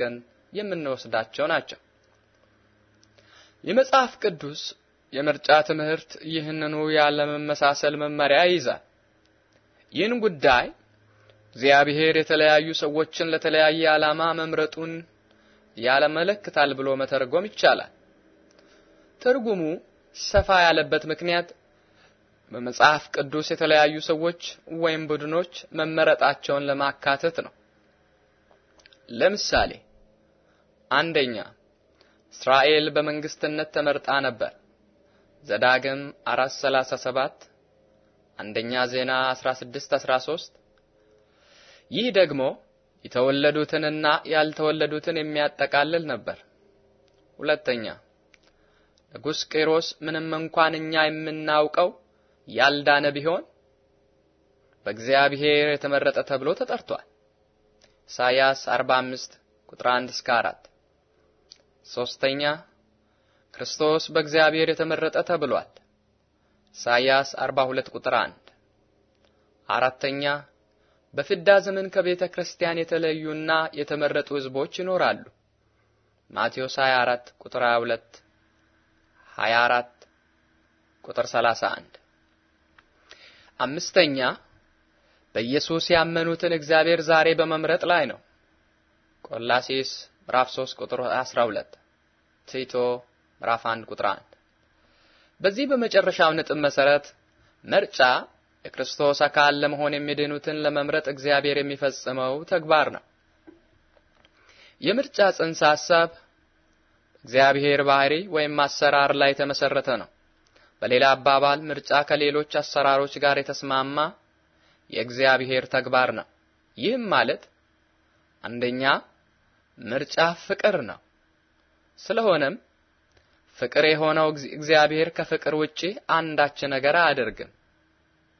ግን የምንወስዳቸው ናቸው። የመጽሐፍ ቅዱስ የምርጫ ትምህርት ይህንኑ ያለመመሳሰል መመሪያ ይይዛል። ይህን ጉዳይ እግዚአብሔር የተለያዩ ሰዎችን ለተለያየ ዓላማ መምረጡን ያመለክታል ብሎ መተርጎም ይቻላል። ትርጉሙ ሰፋ ያለበት ምክንያት በመጽሐፍ ቅዱስ የተለያዩ ሰዎች ወይም ቡድኖች መመረጣቸውን ለማካተት ነው። ለምሳሌ አንደኛ እስራኤል በመንግስትነት ተመርጣ ነበር። ዘዳግም 4:37 አንደኛ ዜና 16:13 ይህ ደግሞ የተወለዱትንና ያልተወለዱትን የሚያጠቃልል ነበር። ሁለተኛ ንጉስ ቂሮስ ምንም እንኳን እኛ የምናውቀው ያልዳነ ቢሆን በእግዚአብሔር የተመረጠ ተብሎ ተጠርቷል። ኢሳይያስ 45 ቁጥር 1 እስከ 4 ሶስተኛ ክርስቶስ በእግዚአብሔር የተመረጠ ተብሏል። ኢሳይያስ 42 ቁጥር 1። አራተኛ በፍዳ ዘመን ከቤተ ክርስቲያን የተለዩና የተመረጡ ሕዝቦች ይኖራሉ። ማቴዎስ 24 ቁጥር 22 24 ቁጥር 31። አምስተኛ በኢየሱስ ያመኑትን እግዚአብሔር ዛሬ በመምረጥ ላይ ነው። ቆላሴስ ምዕራፍ 3 ቁጥር 12 ቲቶ ምዕራፍ 1 ቁጥር 1። በዚህ በመጨረሻው ነጥብ መሰረት ምርጫ የክርስቶስ አካል ለመሆን የሚድኑትን ለመምረጥ እግዚአብሔር የሚፈጽመው ተግባር ነው። የምርጫ ጽንሰ ሐሳብ እግዚአብሔር ባህሪ ወይም አሰራር ላይ የተመሰረተ ነው። በሌላ አባባል ምርጫ ከሌሎች አሰራሮች ጋር የተስማማ የእግዚአብሔር ተግባር ነው። ይህም ማለት አንደኛ ምርጫ ፍቅር ነው። ስለሆነም ፍቅር የሆነው እግዚአብሔር ከፍቅር ውጪ አንዳች ነገር አያደርግም።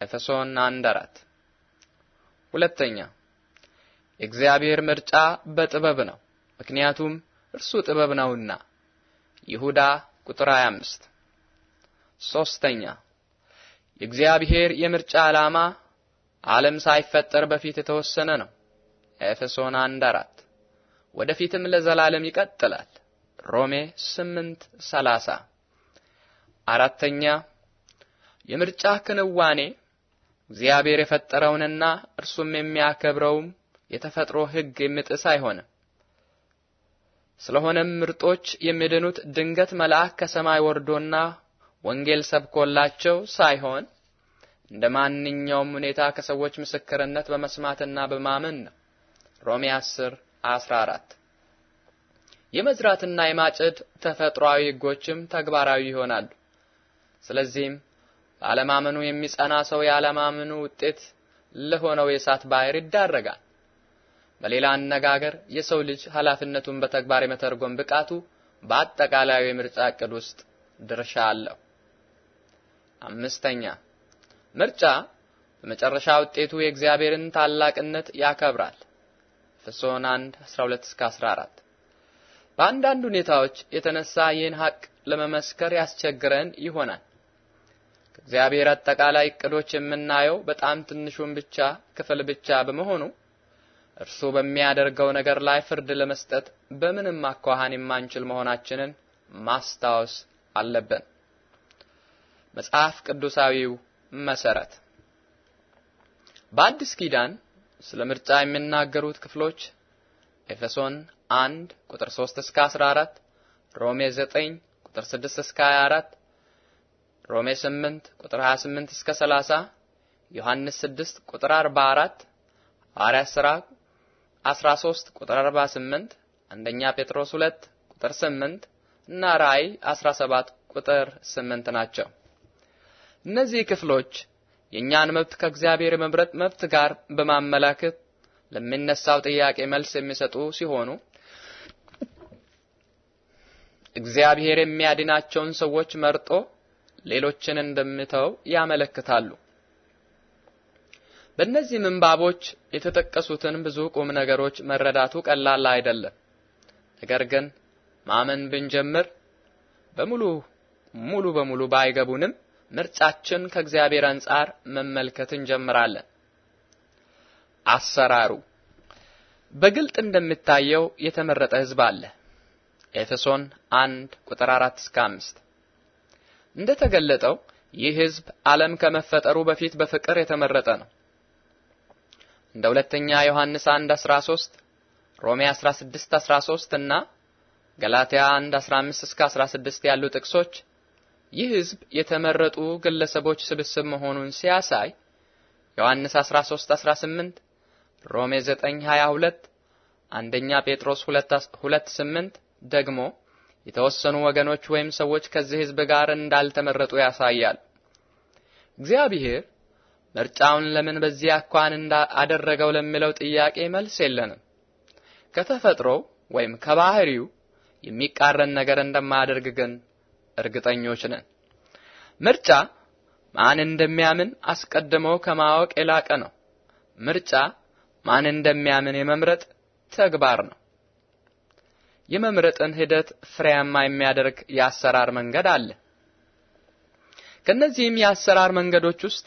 ኤፌሶን አራት ሁለተኛ የእግዚአብሔር ምርጫ በጥበብ ነው፣ ምክንያቱም እርሱ ጥበብ ነውና ይሁዳ ቁጥር 25 ሶስተኛ የእግዚአብሔር የምርጫ ዓላማ ዓለም ሳይፈጠር በፊት የተወሰነ ነው ኤፌሶን 1:4 ወደፊትም ለዘላለም ይቀጥላል። ሮሜ 8 30 አራተኛ የምርጫ ክንዋኔ እግዚአብሔር የፈጠረውንና እርሱም የሚያከብረውም የተፈጥሮ ሕግ የሚጥስ አይሆንም። ስለሆነም ምርጦች የሚድኑት ድንገት መልአክ ከሰማይ ወርዶና ወንጌል ሰብኮላቸው ሳይሆን እንደ ማንኛውም ሁኔታ ከሰዎች ምስክርነት በመስማትና በማመን ነው። ሮሜ 10 14 የመዝራትና የማጨድ ተፈጥሯዊ ህጎችም ተግባራዊ ይሆናሉ። ስለዚህም በአለማመኑ የሚጸና ሰው የአለማመኑ ውጤት ለሆነው የእሳት ባህር ይዳረጋል። በሌላ አነጋገር የሰው ልጅ ኃላፊነቱን በተግባር የመተርጎም ብቃቱ በአጠቃላዩ የምርጫ እቅድ ውስጥ ድርሻ አለው። አምስተኛ ምርጫ በመጨረሻ ውጤቱ የእግዚአብሔርን ታላቅነት ያከብራል። ኤፌሶን 1 12 እስከ 14 በአንዳንድ ሁኔታዎች የተነሳ ይህን ሀቅ ለመመስከር ያስቸግረን ይሆናል። ከእግዚአብሔር አጠቃላይ እቅዶች የምናየው በጣም ትንሹን ብቻ ክፍል ብቻ በመሆኑ እርሱ በሚያደርገው ነገር ላይ ፍርድ ለመስጠት በምንም አኳኋን የማንችል መሆናችንን ማስታወስ አለብን። መጽሐፍ ቅዱሳዊው መሰረት በአዲስ ኪዳን ስለ ምርጫ የሚናገሩት ክፍሎች ኤፌሶን 1 ቁጥር 3 እስከ 14፣ ሮሜ 9 ቁጥር 6 እስከ 24፣ ሮሜ 8 ቁጥር 28 እስከ 30፣ ዮሐንስ 6 ቁጥር 44፣ ሐዋርያት ሥራ 13 ቁጥር 48፣ አንደኛ ጴጥሮስ 2 ቁጥር 8 እና ራእይ 17 ቁጥር 8 ናቸው። እነዚህ ክፍሎች የእኛን መብት ከእግዚአብሔር መምረጥ መብት ጋር በማመላከት ለሚነሳው ጥያቄ መልስ የሚሰጡ ሲሆኑ እግዚአብሔር የሚያድናቸውን ሰዎች መርጦ ሌሎችን እንደሚተው ያመለክታሉ። በእነዚህ ምንባቦች የተጠቀሱትን ብዙ ቁም ነገሮች መረዳቱ ቀላል አይደለም። ነገር ግን ማመን ብንጀምር በሙሉ ሙሉ በሙሉ ባይገቡንም ምርጫችን ከእግዚአብሔር አንጻር መመልከት እንጀምራለን። አሰራሩ በግልጥ እንደሚታየው የተመረጠ ሕዝብ አለ። ኤፌሶን 1 ቁጥር 4 እስከ 5 እንደተገለጠው ይህ ሕዝብ ዓለም ከመፈጠሩ በፊት በፍቅር የተመረጠ ነው። እንደ ሁለተኛ ዮሐንስ 1 13 ሮሜ 16 13 እና ገላትያ 1 15 እስከ 16 ያሉ ጥቅሶች ይህ ህዝብ የተመረጡ ግለሰቦች ስብስብ መሆኑን ሲያሳይ ዮሐንስ 13 18 ሮሜ 9 22 አንደኛ ጴጥሮስ 2 8 ደግሞ የተወሰኑ ወገኖች ወይም ሰዎች ከዚህ ህዝብ ጋር እንዳልተመረጡ ያሳያል። እግዚአብሔር ምርጫውን ለምን በዚህ አኳን እንዳደረገው ለሚለው ጥያቄ መልስ የለንም። ከተፈጥሮው ወይም ከባህሪው የሚቃረን ነገር እንደማያደርግ ግን እርግጠኞች ነን። ምርጫ ማን እንደሚያምን አስቀድሞ ከማወቅ የላቀ ነው። ምርጫ ማን እንደሚያምን የመምረጥ ተግባር ነው። የመምረጥን ሂደት ፍሬያማ የሚያደርግ የአሰራር መንገድ አለ። ከነዚህም የአሰራር መንገዶች ውስጥ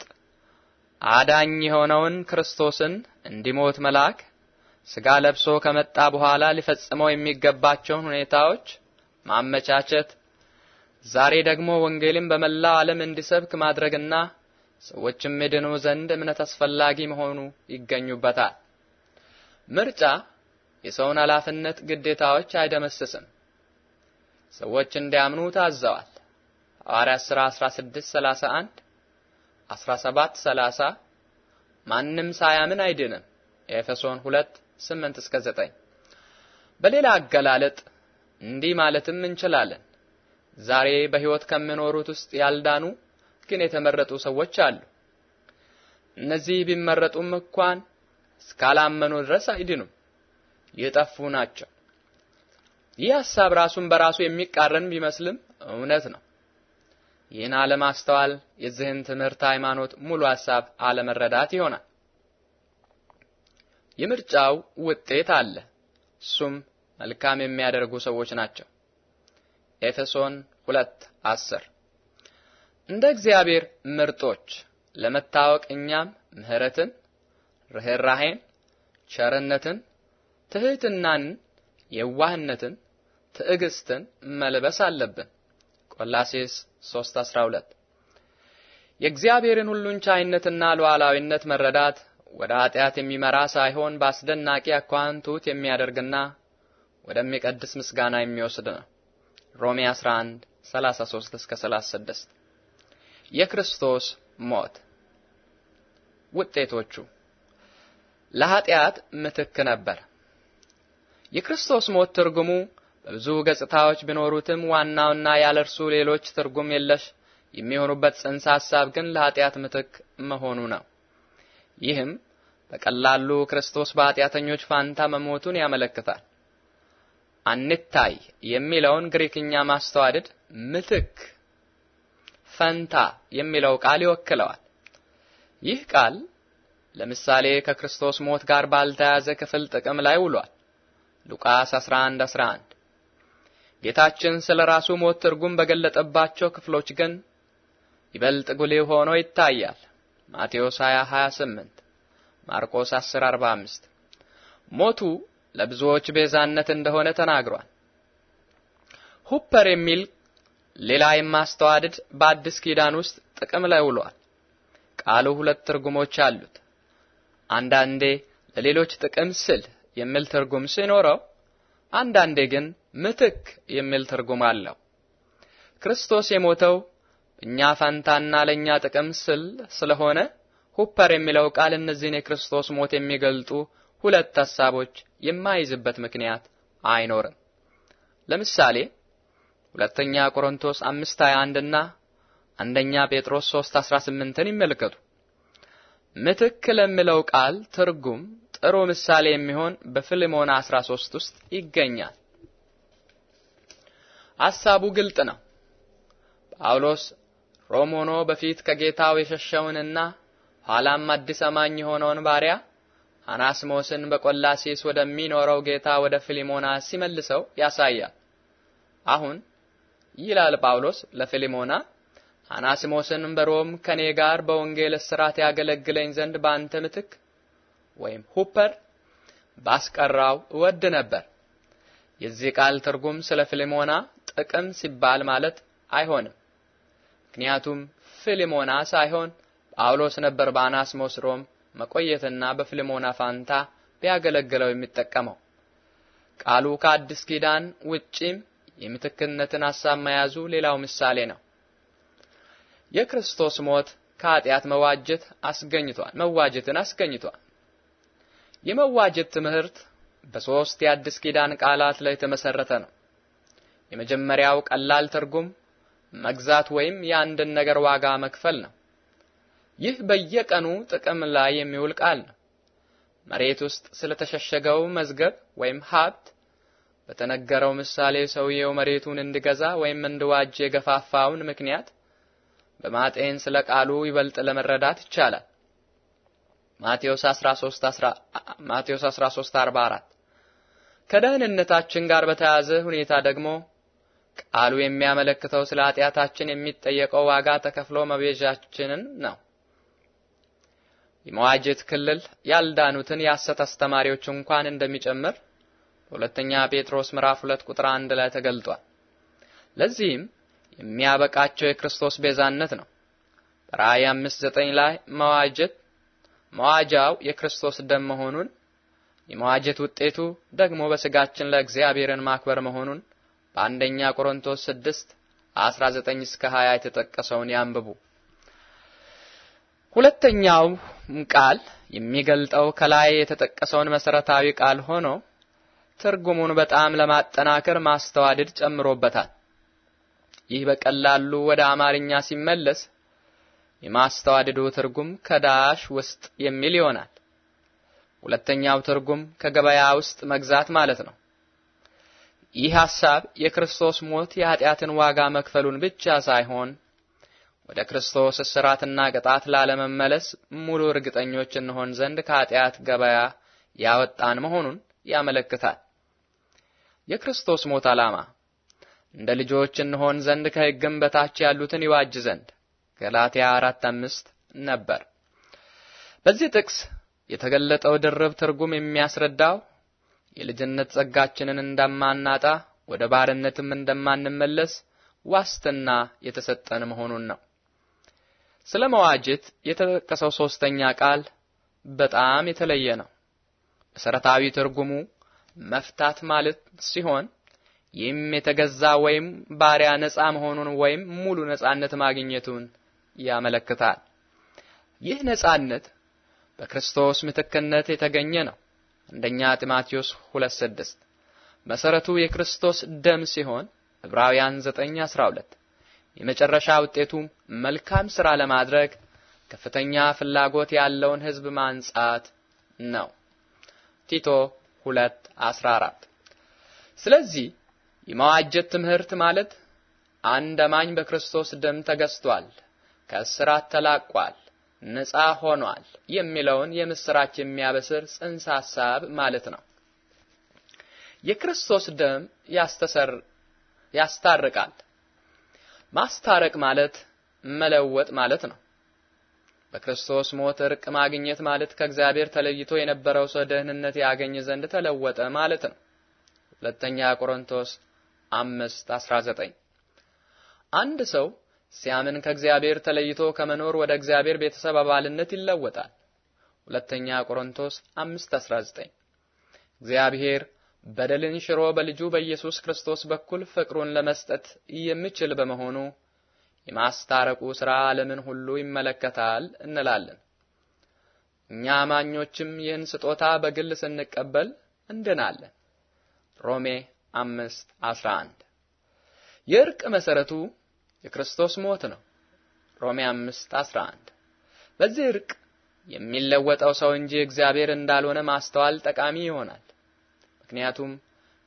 አዳኝ የሆነውን ክርስቶስን እንዲሞት መልአክ ስጋ ለብሶ ከመጣ በኋላ ሊፈጽመው የሚገባቸውን ሁኔታዎች ማመቻቸት ዛሬ ደግሞ ወንጌልን በመላ ዓለም እንዲሰብክ ማድረግና ሰዎችም ይድኑ ዘንድ እምነት አስፈላጊ መሆኑ ይገኙበታል። ምርጫ የሰውን ኃላፊነት ግዴታዎች አይደመስስም። ሰዎች እንዲያምኑ ታዘዋል። ሐዋርያት ሥራ 16:31 17:30 ማንም ሳያምን አይድንም። ኤፌሶን እስከ 9 በሌላ አገላለጥ እንዲህ ማለትም እንችላለን ዛሬ በሕይወት ከሚኖሩት ውስጥ ያልዳኑ ግን የተመረጡ ሰዎች አሉ። እነዚህ ቢመረጡም እንኳን እስካላመኑ ድረስ አይድኑም፣ የጠፉ ናቸው። ይህ ሐሳብ ራሱን በራሱ የሚቃረን ቢመስልም እውነት ነው። ይህን አለማስተዋል የዚህን ትምህርት ሃይማኖት ሙሉ ሐሳብ አለመረዳት ይሆናል። የምርጫው ውጤት አለ፣ እሱም መልካም የሚያደርጉ ሰዎች ናቸው። ኤፌሶን 2 10 እንደ እግዚአብሔር ምርጦች ለመታወቅ እኛም ምህረትን፣ ርህራሄን፣ ቸርነትን፣ ትህትናን፣ የዋህነትን፣ ትዕግስትን መልበስ አለብን። ቆላሴስ 3:12 የእግዚአብሔርን ሁሉን ቻይነትና ሉዓላዊነት መረዳት ወደ ኃጢአት የሚመራ ሳይሆን በአስደናቂ አኳንቱት የሚያደርግና ወደሚቀድስ ምስጋና የሚወስድ ነው። ሮሜ 11 33 እስከ 36 የክርስቶስ ሞት ውጤቶቹ ለኃጢአት ምትክ ነበር። የክርስቶስ ሞት ትርጉሙ በብዙ ገጽታዎች ቢኖሩትም ዋናውና ያለ እርሱ ሌሎች ትርጉም የለሽ የሚሆኑበት ጽንሰ ሐሳብ ግን ለኃጢአት ምትክ መሆኑ ነው። ይህም በቀላሉ ክርስቶስ በኃጢአተኞች ፋንታ መሞቱን ያመለክታል። አንታይ የሚለውን ግሪክኛ ማስተዋደድ ምትክ ፈንታ የሚለው ቃል ይወክለዋል። ይህ ቃል ለምሳሌ ከክርስቶስ ሞት ጋር ባልተያዘ ክፍል ጥቅም ላይ ውሏል። ሉቃስ 11 11 ጌታችን ስለ ራሱ ሞት ትርጉም በገለጠባቸው ክፍሎች ግን ይበልጥ ጉልህ ሆኖ ይታያል። ማቴዎስ 20 28 ማርቆስ 10 45 ሞቱ ለብዙዎች ቤዛነት እንደሆነ ተናግሯል። ሁፐር የሚል ሌላ የማስተዋደድ በአዲስ ኪዳን ውስጥ ጥቅም ላይ ውሏል። ቃሉ ሁለት ትርጉሞች አሉት። አንዳንዴ ለሌሎች ጥቅም ስል የሚል ትርጉም ሲኖረው፣ አንዳንዴ ግን ምትክ የሚል ትርጉም አለው። ክርስቶስ የሞተው እኛ ፈንታና ለኛ ጥቅም ስል ስለሆነ ሁፐር የሚለው ቃል እነዚህን የክርስቶስ ሞት የሚገልጡ ሁለት ሐሳቦች የማይዝበት ምክንያት አይኖርም። ለምሳሌ ሁለተኛ ቆሮንቶስ 5:21 እና አንደኛ ጴጥሮስ 3:18ን ይመልከቱ። ምትክ ለሚለው ቃል ትርጉም ጥሩ ምሳሌ የሚሆን በፊልሞና 13 ውስጥ ይገኛል። ሐሳቡ ግልጥ ነው። ጳውሎስ ሮም ሆኖ በፊት ከጌታው የሸሸውንና ኋላም አዲስ አማኝ የሆነውን ባሪያ አናስሞስን በቆላሴስ ወደሚኖረው ጌታ ወደ ፊሊሞና ሲመልሰው ያሳያል። አሁን ይላል ጳውሎስ ለፊሊሞና አናስሞስን በሮም ከኔ ጋር በወንጌል ስራት ያገለግለኝ ዘንድ በአንተ ምትክ ወይም ሁፐር ባስቀራው እወድ ነበር። የዚህ ቃል ትርጉም ስለ ፊሊሞና ጥቅም ሲባል ማለት አይሆንም። ምክንያቱም ፊሊሞና ሳይሆን ጳውሎስ ነበር በአናስሞስ ሮም መቆየትና በፊልሞና ፋንታ ቢያገለግለው የሚጠቀመው ቃሉ ከአዲስ ኪዳን ውጪም የምትክነትን ሐሳብ መያዙ ሌላው ምሳሌ ነው። የክርስቶስ ሞት ከኃጢአት መዋጀት አስገኝቷል መዋጀትን አስገኝቷል። የመዋጀት ትምህርት በሶስት የአዲስ ኪዳን ቃላት ላይ የተመሰረተ ነው። የመጀመሪያው ቀላል ትርጉም መግዛት ወይም የአንድን ነገር ዋጋ መክፈል ነው። ይህ በየቀኑ ጥቅም ላይ የሚውል ቃል ነው። መሬት ውስጥ ስለተሸሸገው መዝገብ ወይም ሀብት በተነገረው ምሳሌ ሰውየው መሬቱን እንዲገዛ ወይም እንድዋጅ የገፋፋውን ምክንያት በማጤን ስለ ቃሉ ይበልጥ ለመረዳት ይቻላል። ማቴዎስ 13 ማቴዎስ 13:44 ከደህንነታችን ጋር በተያያዘ ሁኔታ ደግሞ ቃሉ የሚያመለክተው ስለ ኃጢአታችን የሚጠየቀው ዋጋ ተከፍሎ መቤዣችንን ነው። የመዋጀት ክልል ያልዳኑትን የሐሰት አስተማሪዎች እንኳን እንደሚጨምር በሁለተኛ ጴጥሮስ ምዕራፍ 2 ቁጥር 1 ላይ ተገልጧል። ለዚህም የሚያበቃቸው የክርስቶስ ቤዛነት ነው። በራእይ 5:9 ላይ መዋጀት መዋጃው የክርስቶስ ደም መሆኑን የመዋጀት ውጤቱ ደግሞ በስጋችን ለእግዚአብሔርን ማክበር መሆኑን በአንደኛ ቆሮንቶስ 6 19 እስከ 20 የተጠቀሰውን ያንብቡ። ሁለተኛውም ቃል የሚገልጠው ከላይ የተጠቀሰውን መሰረታዊ ቃል ሆኖ ትርጉሙን በጣም ለማጠናከር ማስተዋደድ ጨምሮበታል። ይህ በቀላሉ ወደ አማርኛ ሲመለስ የማስተዋደዱ ትርጉም ከዳሽ ውስጥ የሚል ይሆናል። ሁለተኛው ትርጉም ከገበያ ውስጥ መግዛት ማለት ነው። ይህ ሐሳብ የክርስቶስ ሞት የኃጢአትን ዋጋ መክፈሉን ብቻ ሳይሆን ወደ ክርስቶስ እስራትና ቅጣት ላለመመለስ ሙሉ እርግጠኞች እንሆን ዘንድ ከኃጢአት ገበያ ያወጣን መሆኑን ያመለክታል። የክርስቶስ ሞት ዓላማ እንደ ልጆች እንሆን ዘንድ ከሕግም በታች ያሉትን ይዋጅ ዘንድ ገላትያ አራት አምስት ነበር። በዚህ ጥቅስ የተገለጠው ድርብ ትርጉም የሚያስረዳው የልጅነት ጸጋችንን እንደማናጣ ወደ ባርነትም እንደማንመለስ ዋስትና የተሰጠን መሆኑን ነው። ስለ መዋጀት የተጠቀሰው ሶስተኛ ቃል በጣም የተለየ ነው። መሰረታዊ ትርጉሙ መፍታት ማለት ሲሆን ይህም የተገዛ ወይም ባሪያ ነፃ መሆኑን ወይም ሙሉ ነፃነት ማግኘቱን ያመለክታል። ይህ ነፃነት በክርስቶስ ምትክነት የተገኘ ነው። አንደኛ ጢሞቴዎስ 2:6 መሰረቱ የክርስቶስ ደም ሲሆን ዕብራውያን 9:12 የመጨረሻ ውጤቱም መልካም ስራ ለማድረግ ከፍተኛ ፍላጎት ያለውን ህዝብ ማንጻት ነው። ቲቶ 2:14 ስለዚህ የመዋጀት ትምህርት ማለት አንድ አማኝ በክርስቶስ ደም ተገዝቷል፣ ከእስራት ተላቋል፣ ነጻ ሆኗል የሚለውን የምስራች የሚያበስር ጽንሰ ሐሳብ ማለት ነው። የክርስቶስ ደም ያስተሰር ያስታርቃል ማስታረቅ ማለት መለወጥ ማለት ነው። በክርስቶስ ሞት እርቅ ማግኘት ማለት ከእግዚአብሔር ተለይቶ የነበረው ሰው ደህንነት ያገኘ ዘንድ ተለወጠ ማለት ነው። ሁለተኛ ቆሮንቶስ 5:19 አንድ ሰው ሲያምን ከእግዚአብሔር ተለይቶ ከመኖር ወደ እግዚአብሔር ቤተሰብ አባልነት ይለወጣል። ሁለተኛ ቆሮንቶስ 5:19 እግዚአብሔር በደልን ሽሮ በልጁ በኢየሱስ ክርስቶስ በኩል ፍቅሩን ለመስጠት የሚችል በመሆኑ የማስታረቁ ሥራ ዓለምን ሁሉ ይመለከታል እንላለን። እኛ አማኞችም ይህን ስጦታ በግል ስንቀበል እንድናለን። ሮሜ 5:11 የእርቅ መሰረቱ የክርስቶስ ሞት ነው። ሮሜ 5:11 በዚህ እርቅ የሚለወጠው ሰው እንጂ እግዚአብሔር እንዳልሆነ ማስተዋል ጠቃሚ ይሆናል። ምክንያቱም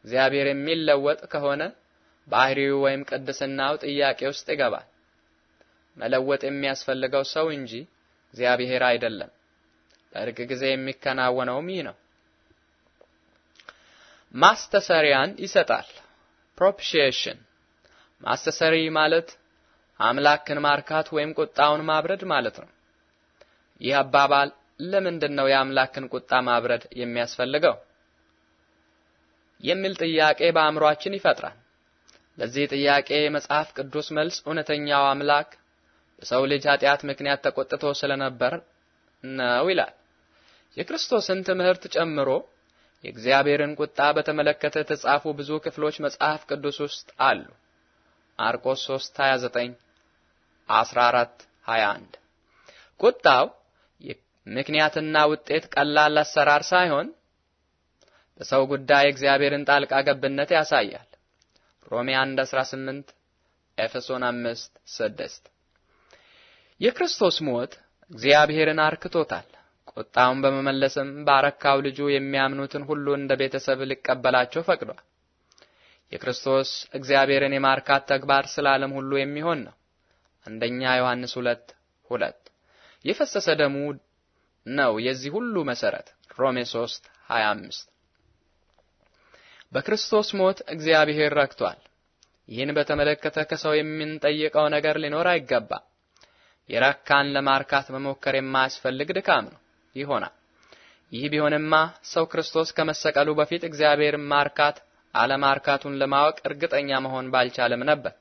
እግዚአብሔር የሚለወጥ ከሆነ ባህሪው ወይም ቅድስናው ጥያቄ ውስጥ ይገባል። መለወጥ የሚያስፈልገው ሰው እንጂ እግዚአብሔር አይደለም። በእርቅ ጊዜ የሚከናወነውም ይህ ነው። ማስተሰሪያን ይሰጣል። ፕሮፒሺዬሽን ማስተሰሪ ማለት አምላክን ማርካት ወይም ቁጣውን ማብረድ ማለት ነው። ይህ አባባል ለምንድን ነው የአምላክን ቁጣ ማብረድ የሚያስፈልገው? የሚል ጥያቄ በአእምሯችን ይፈጥራል። ለዚህ ጥያቄ የመጽሐፍ ቅዱስ መልስ እውነተኛው አምላክ በሰው ልጅ ኃጢአት ምክንያት ተቆጥቶ ስለነበር ነው ይላል። የክርስቶስን ትምህርት ጨምሮ የእግዚአብሔርን ቁጣ በተመለከተ የተጻፉ ብዙ ክፍሎች መጽሐፍ ቅዱስ ውስጥ አሉ። ማርቆስ 3 29 14 21 ቁጣው ምክንያትና ውጤት ቀላል አሰራር ሳይሆን በሰው ጉዳይ እግዚአብሔርን ጣልቃ ገብነት ያሳያል። ሮሜ 1 18 ኤፌሶን 5 6 የክርስቶስ ሞት እግዚአብሔርን አርክቶታል። ቁጣውን በመመለስም ባረካው ልጁ የሚያምኑትን ሁሉ እንደ ቤተሰብ ሊቀበላቸው ፈቅዷል። የክርስቶስ እግዚአብሔርን የማርካት ተግባር ስለ ዓለም ሁሉ የሚሆን ነው። አንደኛ ዮሐንስ 2 ሁለት የፈሰሰ ደሙ ነው የዚህ ሁሉ መሰረት ሮሜ 3 25 በክርስቶስ ሞት እግዚአብሔር ረክቷል። ይህን በተመለከተ ከሰው የምንጠይቀው ነገር ሊኖር አይገባ። የረካን ለማርካት መሞከር የማያስፈልግ ድካም ነው ይሆናል። ይህ ቢሆንማ ሰው ክርስቶስ ከመሰቀሉ በፊት እግዚአብሔር ማርካት አለማርካቱን ለማወቅ እርግጠኛ መሆን ባልቻለም ነበር።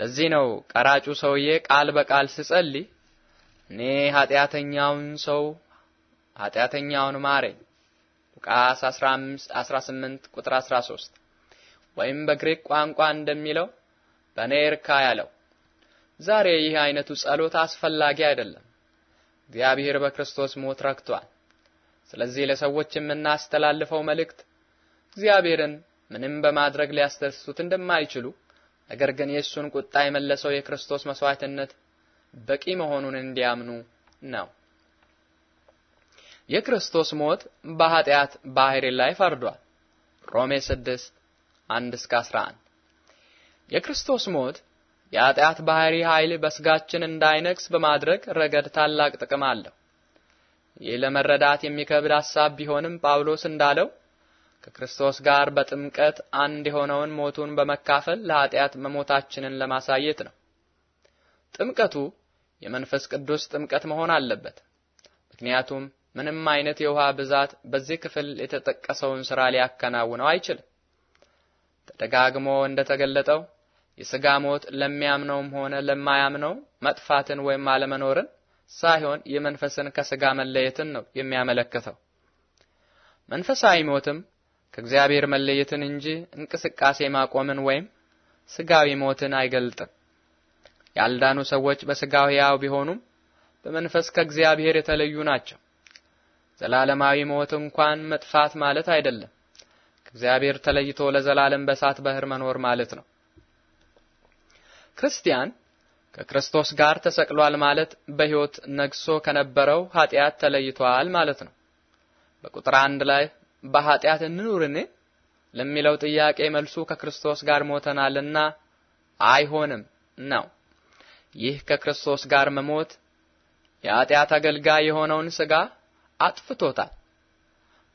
ለዚህ ነው ቀራጩ ሰውዬ ቃል በቃል ስጸልይ እኔ ኃጢአተኛውን ሰው ኃጢአተኛውን ማረኝ ሉቃስ 15 18 ቁጥር 13 ወይም በግሪክ ቋንቋ እንደሚለው በኔርካ ያለው ዛሬ ይህ አይነቱ ጸሎት አስፈላጊ አይደለም። እግዚአብሔር በክርስቶስ ሞት ረክቷል። ስለዚህ ለሰዎች የምናስተላልፈው መልእክት እግዚአብሔርን ምንም በማድረግ ሊያስደስቱት እንደማይችሉ ነገር ግን የእሱን ቁጣ የመለሰው የክርስቶስ መስዋዕትነት በቂ መሆኑን እንዲያምኑ ነው። የክርስቶስ ሞት በኃጢአት ባህሪ ላይ ፈርዷል። ሮሜ 6 1 እስከ 11 የክርስቶስ ሞት የኃጢአት ባህሪ ኃይል በስጋችን እንዳይነግስ በማድረግ ረገድ ታላቅ ጥቅም አለው። ይህ ለመረዳት የሚከብድ ሐሳብ ቢሆንም ጳውሎስ እንዳለው ከክርስቶስ ጋር በጥምቀት አንድ የሆነውን ሞቱን በመካፈል ለኃጢአት መሞታችንን ለማሳየት ነው። ጥምቀቱ የመንፈስ ቅዱስ ጥምቀት መሆን አለበት። ምክንያቱም ምንም አይነት የውሃ ብዛት በዚህ ክፍል የተጠቀሰውን ስራ ሊያከናውነው አይችልም። ተደጋግሞ እንደተገለጠው የስጋ ሞት ለሚያምነውም ሆነ ለማያምነው መጥፋትን ወይም አለመኖርን ሳይሆን የመንፈስን ከስጋ መለየትን ነው የሚያመለክተው። መንፈሳዊ ሞትም ከእግዚአብሔር መለየትን እንጂ እንቅስቃሴ ማቆምን ወይም ስጋዊ ሞትን አይገልጥም። ያልዳኑ ሰዎች በስጋው ሕያው ቢሆኑም በመንፈስ ከእግዚአብሔር የተለዩ ናቸው። ዘላለማዊ ሞት እንኳን መጥፋት ማለት አይደለም። ከእግዚአብሔር ተለይቶ ለዘላለም በእሳት ባህር መኖር ማለት ነው። ክርስቲያን ከክርስቶስ ጋር ተሰቅሏል ማለት በሕይወት ነግሶ ከነበረው ኃጢአት ተለይቷል ማለት ነው። በቁጥር አንድ ላይ በኃጢአት እንኑርን ለሚለው ጥያቄ መልሱ ከክርስቶስ ጋር ሞተናልና አይሆንም ነው። ይህ ከክርስቶስ ጋር መሞት የኃጢአት አገልጋይ የሆነውን ስጋ አጥፍቶታል።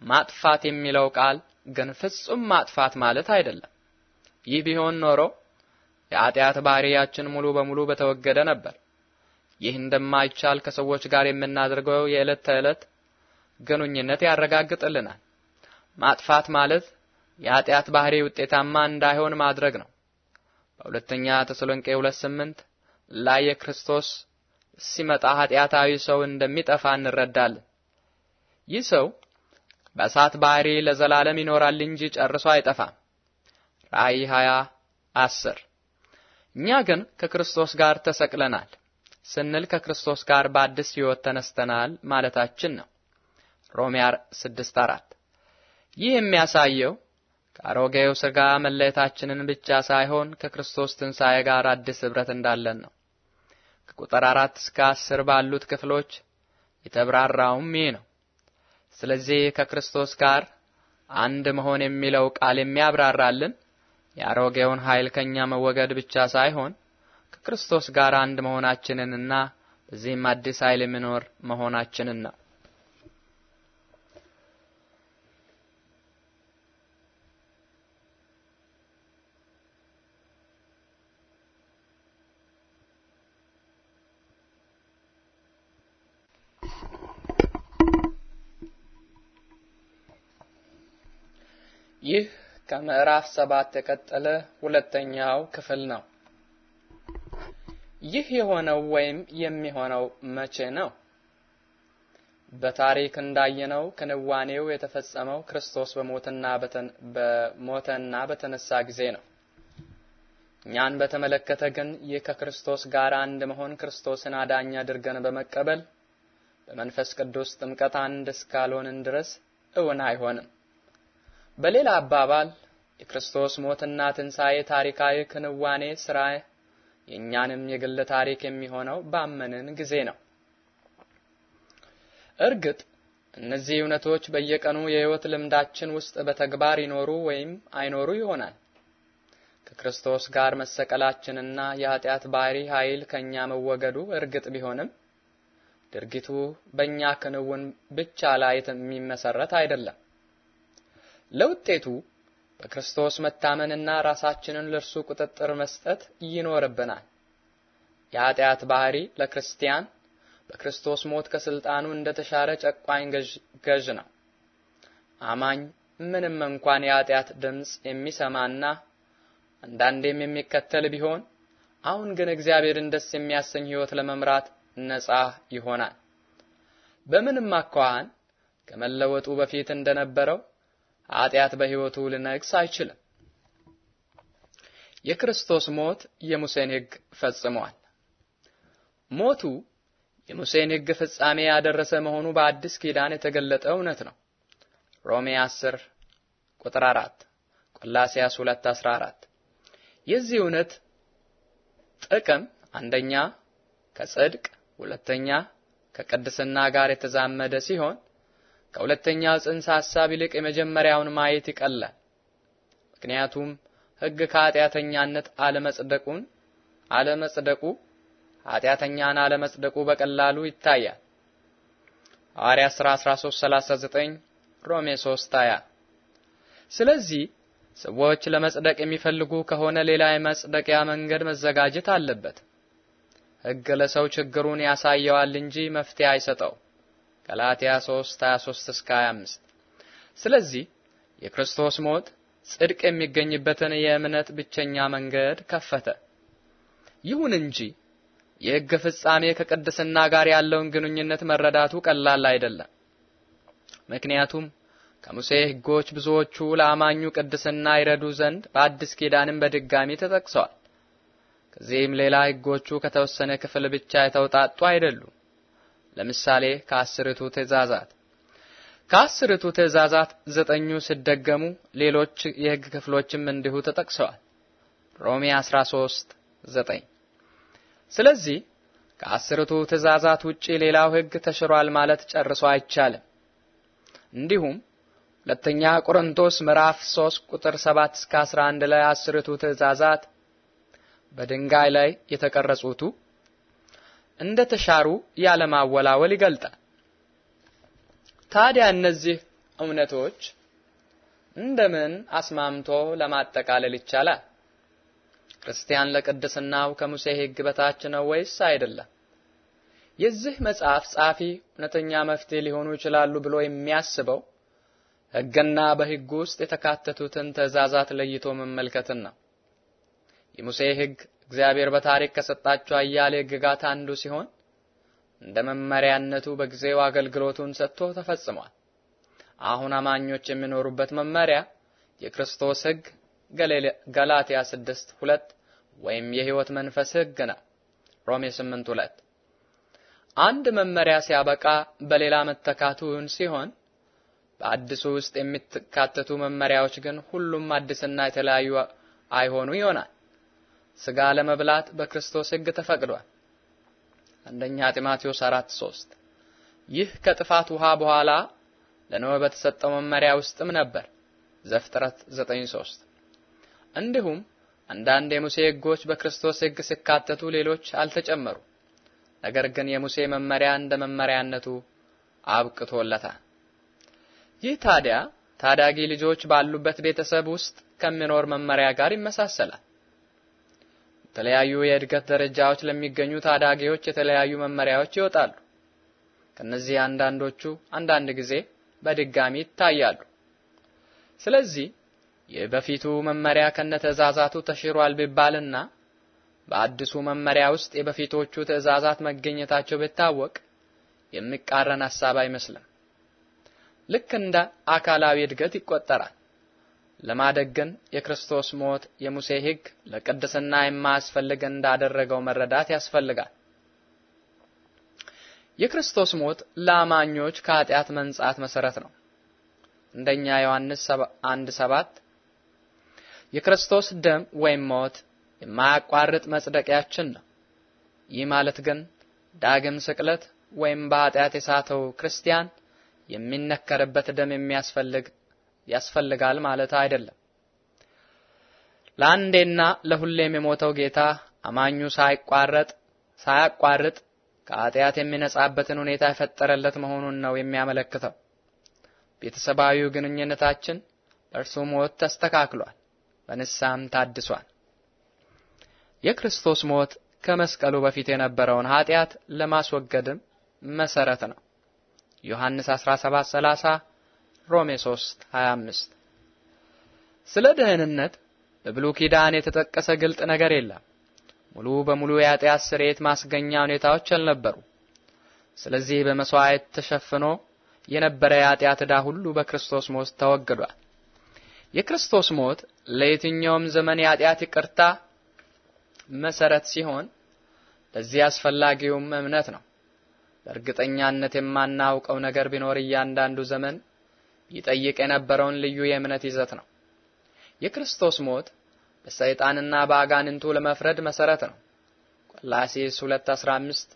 ማጥፋት የሚለው ቃል ግን ፍጹም ማጥፋት ማለት አይደለም። ይህ ቢሆን ኖሮ የኃጢአት ባህሪያችን ሙሉ በሙሉ በተወገደ ነበር። ይህ እንደማይቻል ከሰዎች ጋር የምናደርገው የዕለት ተዕለት ግንኙነት ያረጋግጥልናል። ማጥፋት ማለት የኃጢአት ባህሪ ውጤታማ እንዳይሆን ማድረግ ነው። በሁለተኛ ተሰሎንቄ 2:8 ላይ የክርስቶስ ሲመጣ ኃጢአታዊ ሰው እንደሚጠፋ እንረዳለን። ይህ ሰው በእሳት ባህሪ ለዘላለም ይኖራል እንጂ ጨርሶ አይጠፋም። ራእይ 20 10 እኛ ግን ከክርስቶስ ጋር ተሰቅለናል ስንል ከክርስቶስ ጋር በአዲስ ሕይወት ተነስተናል ማለታችን ነው። ሮሚያር 6 4 ይህ የሚያሳየው ከአሮጌው ሥጋ መለየታችንን ብቻ ሳይሆን ከክርስቶስ ትንሣኤ ጋር አዲስ ኅብረት እንዳለን ነው። ከቁጥር 4 እስከ 10 ባሉት ክፍሎች የተብራራውም ይህ ነው። ስለዚህ ከክርስቶስ ጋር አንድ መሆን የሚለው ቃል የሚያብራራልን የአሮጌውን ኃይል ከኛ መወገድ ብቻ ሳይሆን ከክርስቶስ ጋር አንድ መሆናችንንና በዚህም አዲስ ኃይል የሚኖር መሆናችንን ነው። ይህ ከምዕራፍ ሰባት የቀጠለ ሁለተኛው ክፍል ነው። ይህ የሆነው ወይም የሚሆነው መቼ ነው? በታሪክ እንዳየነው ክንዋኔው የተፈጸመው ክርስቶስ በሞትና በሞተና በተነሳ ጊዜ ነው። እኛን በተመለከተ ግን ይህ ከክርስቶስ ጋር አንድ መሆን ክርስቶስን አዳኝ አድርገን በመቀበል በመንፈስ ቅዱስ ጥምቀት አንድ እስካልሆንን ድረስ እውን አይሆንም። በሌላ አባባል የክርስቶስ ሞትና ትንሣኤ ታሪካዊ ክንዋኔ ስራ የእኛንም የግል ታሪክ የሚሆነው ባመንን ጊዜ ነው። እርግጥ እነዚህ እውነቶች በየቀኑ የሕይወት ልምዳችን ውስጥ በተግባር ይኖሩ ወይም አይኖሩ ይሆናል። ከክርስቶስ ጋር መሰቀላችንና የኃጢአት ባህሪ ኃይል ከእኛ መወገዱ እርግጥ ቢሆንም ድርጊቱ በእኛ ክንውን ብቻ ላይ የሚመሰረት አይደለም። ለውጤቱ በክርስቶስ መታመንና ራሳችንን ለእርሱ ቁጥጥር መስጠት ይኖርብናል። የኃጢአት ባህሪ ለክርስቲያን በክርስቶስ ሞት ከስልጣኑ እንደተሻረ ጨቋኝ ገዥ ነው። አማኝ ምንም እንኳን የኃጢአት ድምፅ የሚሰማና አንዳንዴም የሚከተል ቢሆን አሁን ግን እግዚአብሔርን ደስ የሚያሰኝ ሕይወት ለመምራት ነጻ ይሆናል። በምንም አኳኋን ከመለወጡ በፊት እንደነበረው ኃጢአት በሕይወቱ ሊነግስ አይችልም። የክርስቶስ ሞት የሙሴን ሕግ ፈጽሟል። ሞቱ የሙሴን ሕግ ፍጻሜ ያደረሰ መሆኑ በአዲስ ኪዳን የተገለጠ እውነት ነው። ሮሜ 10 ቁጥር 4፣ ቆላስያስ 2 14። የዚህ እውነት ጥቅም አንደኛ ከጽድቅ፣ ሁለተኛ ከቅድስና ጋር የተዛመደ ሲሆን ከሁለተኛው ጽንሰ ሐሳብ ይልቅ የመጀመሪያውን ማየት ይቀላል። ምክንያቱም ሕግ ከኃጢአተኛነት አለመጽደቁን አለመጽደቁ ኃጢአተኛን አለመጽደቁ በቀላሉ ይታያል። ሐዋርያ ሥራ 13:39 ሮሜ 3:20 ስለዚህ ሰዎች ለመጽደቅ የሚፈልጉ ከሆነ ሌላ የመጽደቂያ መንገድ መዘጋጀት አለበት። ሕግ ለሰው ችግሩን ያሳየዋል እንጂ መፍትሄ አይሰጠው። ገላትያ 3 23 እስከ 25። ስለዚህ የክርስቶስ ሞት ጽድቅ የሚገኝበትን የእምነት ብቸኛ መንገድ ከፈተ። ይሁን እንጂ የሕግ ፍጻሜ ከቅድስና ጋር ያለውን ግንኙነት መረዳቱ ቀላል አይደለም። ምክንያቱም ከሙሴ ሕጎች ብዙዎቹ ለአማኙ ቅድስና ይረዱ ዘንድ በአዲስ ኪዳንም በድጋሚ ተጠቅሰዋል። ከዚህም ሌላ ሕጎቹ ከተወሰነ ክፍል ብቻ የተውጣጡ አይደሉም። ለምሳሌ ከአስርቱ ትእዛዛት ከአስርቱ ትእዛዛት ዘጠኙ ሲደገሙ ሌሎች የሕግ ክፍሎችም እንዲሁ ተጠቅሰዋል። ሮሜ 13 9 ስለዚህ ከአስርቱ ትእዛዛት ውጪ ሌላው ሕግ ተሽሯል ማለት ጨርሶ አይቻልም። እንዲሁም ሁለተኛ ቆሮንቶስ ምዕራፍ 3 ቁጥር 7 እስከ 11 ላይ አስርቱ ትእዛዛት በድንጋይ ላይ የተቀረጹቱ እንደተሻሩ ያለማወላወል ይገልጣል። ታዲያ እነዚህ እውነቶች እንደምን አስማምቶ ለማጠቃለል ይቻላል? ክርስቲያን ለቅድስናው ከሙሴ ሕግ በታች ነው ወይስ አይደለም? የዚህ መጽሐፍ ጻፊ እውነተኛ መፍትሄ ሊሆኑ ይችላሉ ብሎ የሚያስበው ሕግና በሕግ ውስጥ የተካተቱትን ትእዛዛት ለይቶ መመልከትን ነው። የሙሴ ሕግ እግዚአብሔር በታሪክ ከሰጣቸው አያሌ ሕግጋት አንዱ ሲሆን እንደ መመሪያነቱ በጊዜው አገልግሎቱን ሰጥቶ ተፈጽሟል። አሁን አማኞች የሚኖሩበት መመሪያ የክርስቶስ ሕግ ገላትያ 6 2 ወይም የሕይወት መንፈስ ሕግ ነው ሮሜ 8 2 አንድ መመሪያ ሲያበቃ በሌላ መተካቱን ሲሆን በአዲሱ ውስጥ የሚካተቱ መመሪያዎች ግን ሁሉም አዲስና የተለያዩ አይሆኑ ይሆናል። ስጋ ለመብላት በክርስቶስ ሕግ ተፈቅዷል። አንደኛ ጢሞቴዎስ 4:3 ይህ ከጥፋት ውሃ በኋላ ለኖህ በተሰጠው መመሪያ ውስጥም ነበር። ዘፍጥረት 9:3 እንዲሁም አንዳንድ የሙሴ ሕጎች በክርስቶስ ሕግ ሲካተቱ፣ ሌሎች አልተጨመሩ። ነገር ግን የሙሴ መመሪያ እንደ መመሪያነቱ አብቅቶለታል። ይህ ታዲያ ታዳጊ ልጆች ባሉበት ቤተሰብ ውስጥ ከሚኖር መመሪያ ጋር ይመሳሰላል። የተለያዩ የእድገት ደረጃዎች ለሚገኙ ታዳጊዎች የተለያዩ መመሪያዎች ይወጣሉ። ከነዚህ አንዳንዶቹ አንዳንድ ጊዜ በድጋሚ ይታያሉ። ስለዚህ የበፊቱ መመሪያ ከነትዕዛዛቱ ተሽሯል ቢባልና በአዲሱ መመሪያ ውስጥ የበፊቶቹ ትዕዛዛት መገኘታቸው ቢታወቅ የሚቃረን ሐሳብ አይመስልም። ልክ እንደ አካላዊ እድገት ይቆጠራል። ለማደግ ግን የክርስቶስ ሞት የሙሴ ሕግ ለቅድስና የማያስፈልግ እንዳደረገው መረዳት ያስፈልጋል። የክርስቶስ ሞት ለአማኞች ከኃጢአት መንጻት መሰረት ነው። እንደኛ ዮሐንስ 1 7 የክርስቶስ ደም ወይም ሞት የማያቋርጥ መጽደቂያችን ነው። ይህ ማለት ግን ዳግም ስቅለት ወይም በኃጢአት የሳተው ክርስቲያን የሚነከርበት ደም የሚያስፈልግ ያስፈልጋል ማለት አይደለም። ለአንዴና ለሁሌም የሞተው ጌታ አማኙ ሳይቋረጥ ሳያቋርጥ ከኃጢአት የሚነጻበትን ሁኔታ የፈጠረለት መሆኑን ነው የሚያመለክተው። ቤተሰባዊው ግንኙነታችን በእርሱ ሞት ተስተካክሏል፣ በንሳም ታድሷል። የክርስቶስ ሞት ከመስቀሉ በፊት የነበረውን ኃጢአት ለማስወገድም መሰረት ነው። ዮሐንስ 17:30 ሮሜ 3 25 ስለ ደህንነት በብሉ ኪዳን የተጠቀሰ ግልጥ ነገር የለም። ሙሉ በሙሉ የኃጢአት ስርየት ማስገኛ ሁኔታዎች አልነበሩ። ስለዚህ በመስዋዕት ተሸፍኖ የነበረ የኃጢአት ዕዳ ሁሉ በክርስቶስ ሞት ተወግዷል። የክርስቶስ ሞት ለየትኛውም ዘመን የኃጢአት ይቅርታ መሰረት ሲሆን ለዚህ አስፈላጊውም እምነት ነው። በእርግጠኛነት የማናውቀው ነገር ቢኖር እያንዳንዱ ዘመን ይጠይቅ የነበረውን ልዩ የእምነት ይዘት ነው። የክርስቶስ ሞት በሰይጣንና በአጋንንቱ ለመፍረድ መሰረት ነው። ቆላሲስ 2:15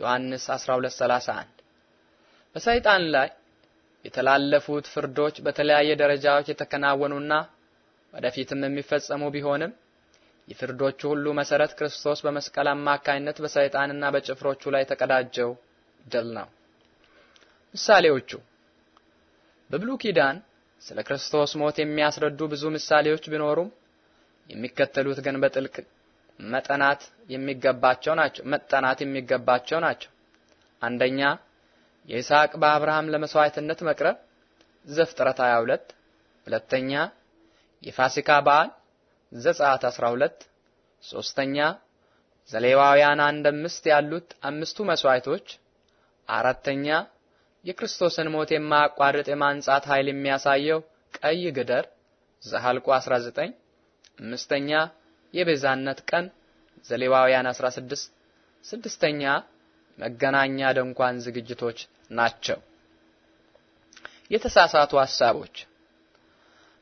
ዮሐንስ 12:31 በሰይጣን ላይ የተላለፉት ፍርዶች በተለያየ ደረጃዎች የተከናወኑና ወደፊትም የሚፈጸሙ ቢሆንም የፍርዶቹ ሁሉ መሰረት ክርስቶስ በመስቀል አማካይነት በሰይጣንና በጭፍሮቹ ላይ ተቀዳጀው ድል ነው። ምሳሌዎቹ በብሉ ኪዳን ስለ ክርስቶስ ሞት የሚያስረዱ ብዙ ምሳሌዎች ቢኖሩም የሚከተሉት ግን በጥልቅ መጠናት የሚገባቸው ናቸው መጠናት የሚገባቸው ናቸው። አንደኛ የይስሐቅ በአብርሃም ለመስዋዕትነት መቅረብ ዘፍጥረት 22። ሁለተኛ የፋሲካ በዓል ዘጸአት 12። ሶስተኛ ዘሌዋውያን አንድ አምስት ያሉት አምስቱ መስዋዕቶች። አራተኛ የክርስቶስን ሞት የማያቋርጥ የማንጻት ኃይል የሚያሳየው ቀይ ግደር ዘኍልቍ 19 አምስተኛ የቤዛነት ቀን ዘሌዋውያን 16 ስድስተኛ መገናኛ ድንኳን ዝግጅቶች ናቸው። የተሳሳቱ ሐሳቦች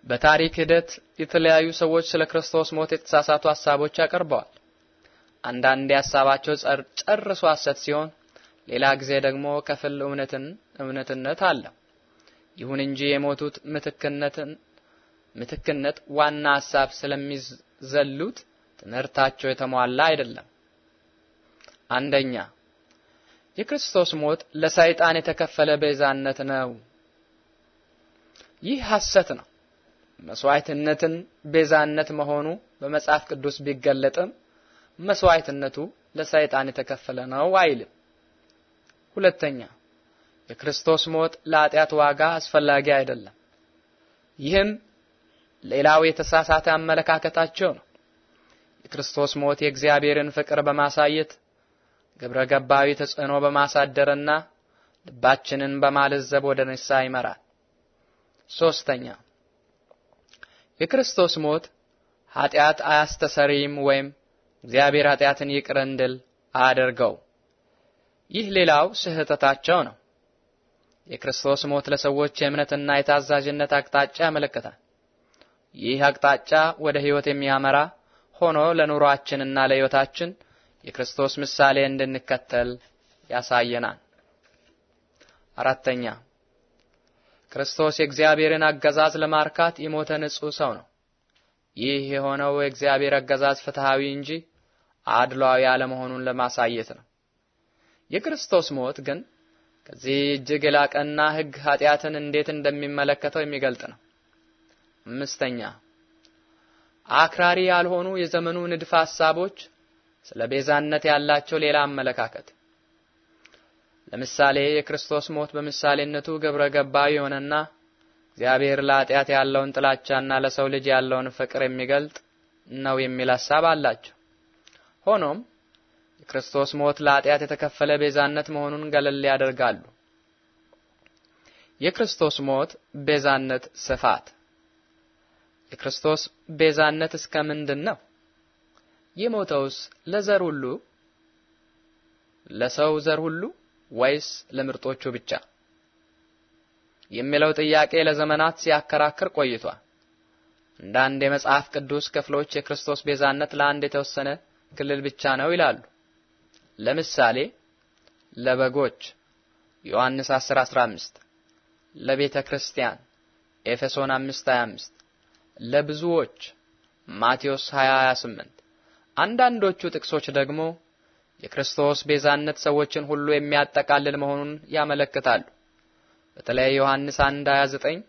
በታሪክ ሂደት የተለያዩ ሰዎች ስለ ክርስቶስ ሞት የተሳሳቱ ሐሳቦች ያቀርበዋል። አንዳንዴ ሐሳባቸው ጨርሶ ሐሰት ሲሆን ሌላ ጊዜ ደግሞ ከፍል እውነትን እውነትነት አለ። ይሁን እንጂ የሞቱት ምትክነትን ምትክነት ዋና ሐሳብ ስለሚዘሉት ትምህርታቸው የተሟላ አይደለም። አንደኛ የክርስቶስ ሞት ለሰይጣን የተከፈለ ቤዛነት ነው። ይህ ሐሰት ነው። መስዋዕትነትን ቤዛነት መሆኑ በመጽሐፍ ቅዱስ ቢገለጥም መስዋዕትነቱ ለሰይጣን የተከፈለ ነው አይልም። ሁለተኛ የክርስቶስ ሞት ለኃጢአት ዋጋ አስፈላጊ አይደለም። ይህም ሌላው የተሳሳተ አመለካከታቸው ነው። የክርስቶስ ሞት የእግዚአብሔርን ፍቅር በማሳየት ግብረ ገባዊ ተጽዕኖ በማሳደርና ልባችንን በማለዘብ ወደ ንስሐ ይመራል። ሶስተኛ የክርስቶስ ሞት ኃጢአት አያስተሰሪም ወይም እግዚአብሔር ኃጢአትን ይቅር እንድል አያደርገው ይህ ሌላው ስህተታቸው ነው። የክርስቶስ ሞት ለሰዎች የእምነትና የታዛዥነት አቅጣጫ ያመለክታል። ይህ አቅጣጫ ወደ ሕይወት የሚያመራ ሆኖ ለኑሯችንና ለሕይወታችን የክርስቶስ ምሳሌ እንድንከተል ያሳየናል። አራተኛ ክርስቶስ የእግዚአብሔርን አገዛዝ ለማርካት የሞተ ንጹሕ ሰው ነው። ይህ የሆነው የእግዚአብሔር አገዛዝ ፍትሐዊ እንጂ አድሏዊ አለመሆኑን ለማሳየት ነው። የክርስቶስ ሞት ግን ከዚህ እጅግ የላቀና ሕግ ኃጢአትን እንዴት እንደሚመለከተው የሚገልጥ ነው። አምስተኛ አክራሪ ያልሆኑ የዘመኑ ንድፈ ሐሳቦች ስለ ቤዛነት ያላቸው ሌላ አመለካከት ለምሳሌ የክርስቶስ ሞት በምሳሌነቱ ግብረ ገባዊ የሆነና እግዚአብሔር ለኃጢአት ያለውን ጥላቻና ለሰው ልጅ ያለውን ፍቅር የሚገልጥ ነው የሚል ሐሳብ አላቸው። ሆኖም ክርስቶስ ሞት ለኃጢአት የተከፈለ ቤዛነት መሆኑን ገለል ያደርጋሉ። የክርስቶስ ሞት ቤዛነት ስፋት የክርስቶስ ቤዛነት እስከ ምንድን ነው? የሞተውስ ለዘር ሁሉ ለሰው ዘር ሁሉ ወይስ ለምርጦቹ ብቻ የሚለው ጥያቄ ለዘመናት ሲያከራክር ቆይቷል። አንዳንድ የመጽሐፍ ቅዱስ ክፍሎች የክርስቶስ ቤዛነት ለአንድ የተወሰነ ክልል ብቻ ነው ይላሉ። ለምሳሌ ለበጎች ዮሐንስ 10:15 ለቤተ ክርስቲያን ኤፌሶን 525 ለብዙዎች ማቴዎስ 28 አንዳንዶቹ ጥቅሶች ደግሞ የክርስቶስ ቤዛነት ሰዎችን ሁሉ የሚያጠቃልል መሆኑን ያመለክታሉ። በተለይ ዮሐንስ 1 29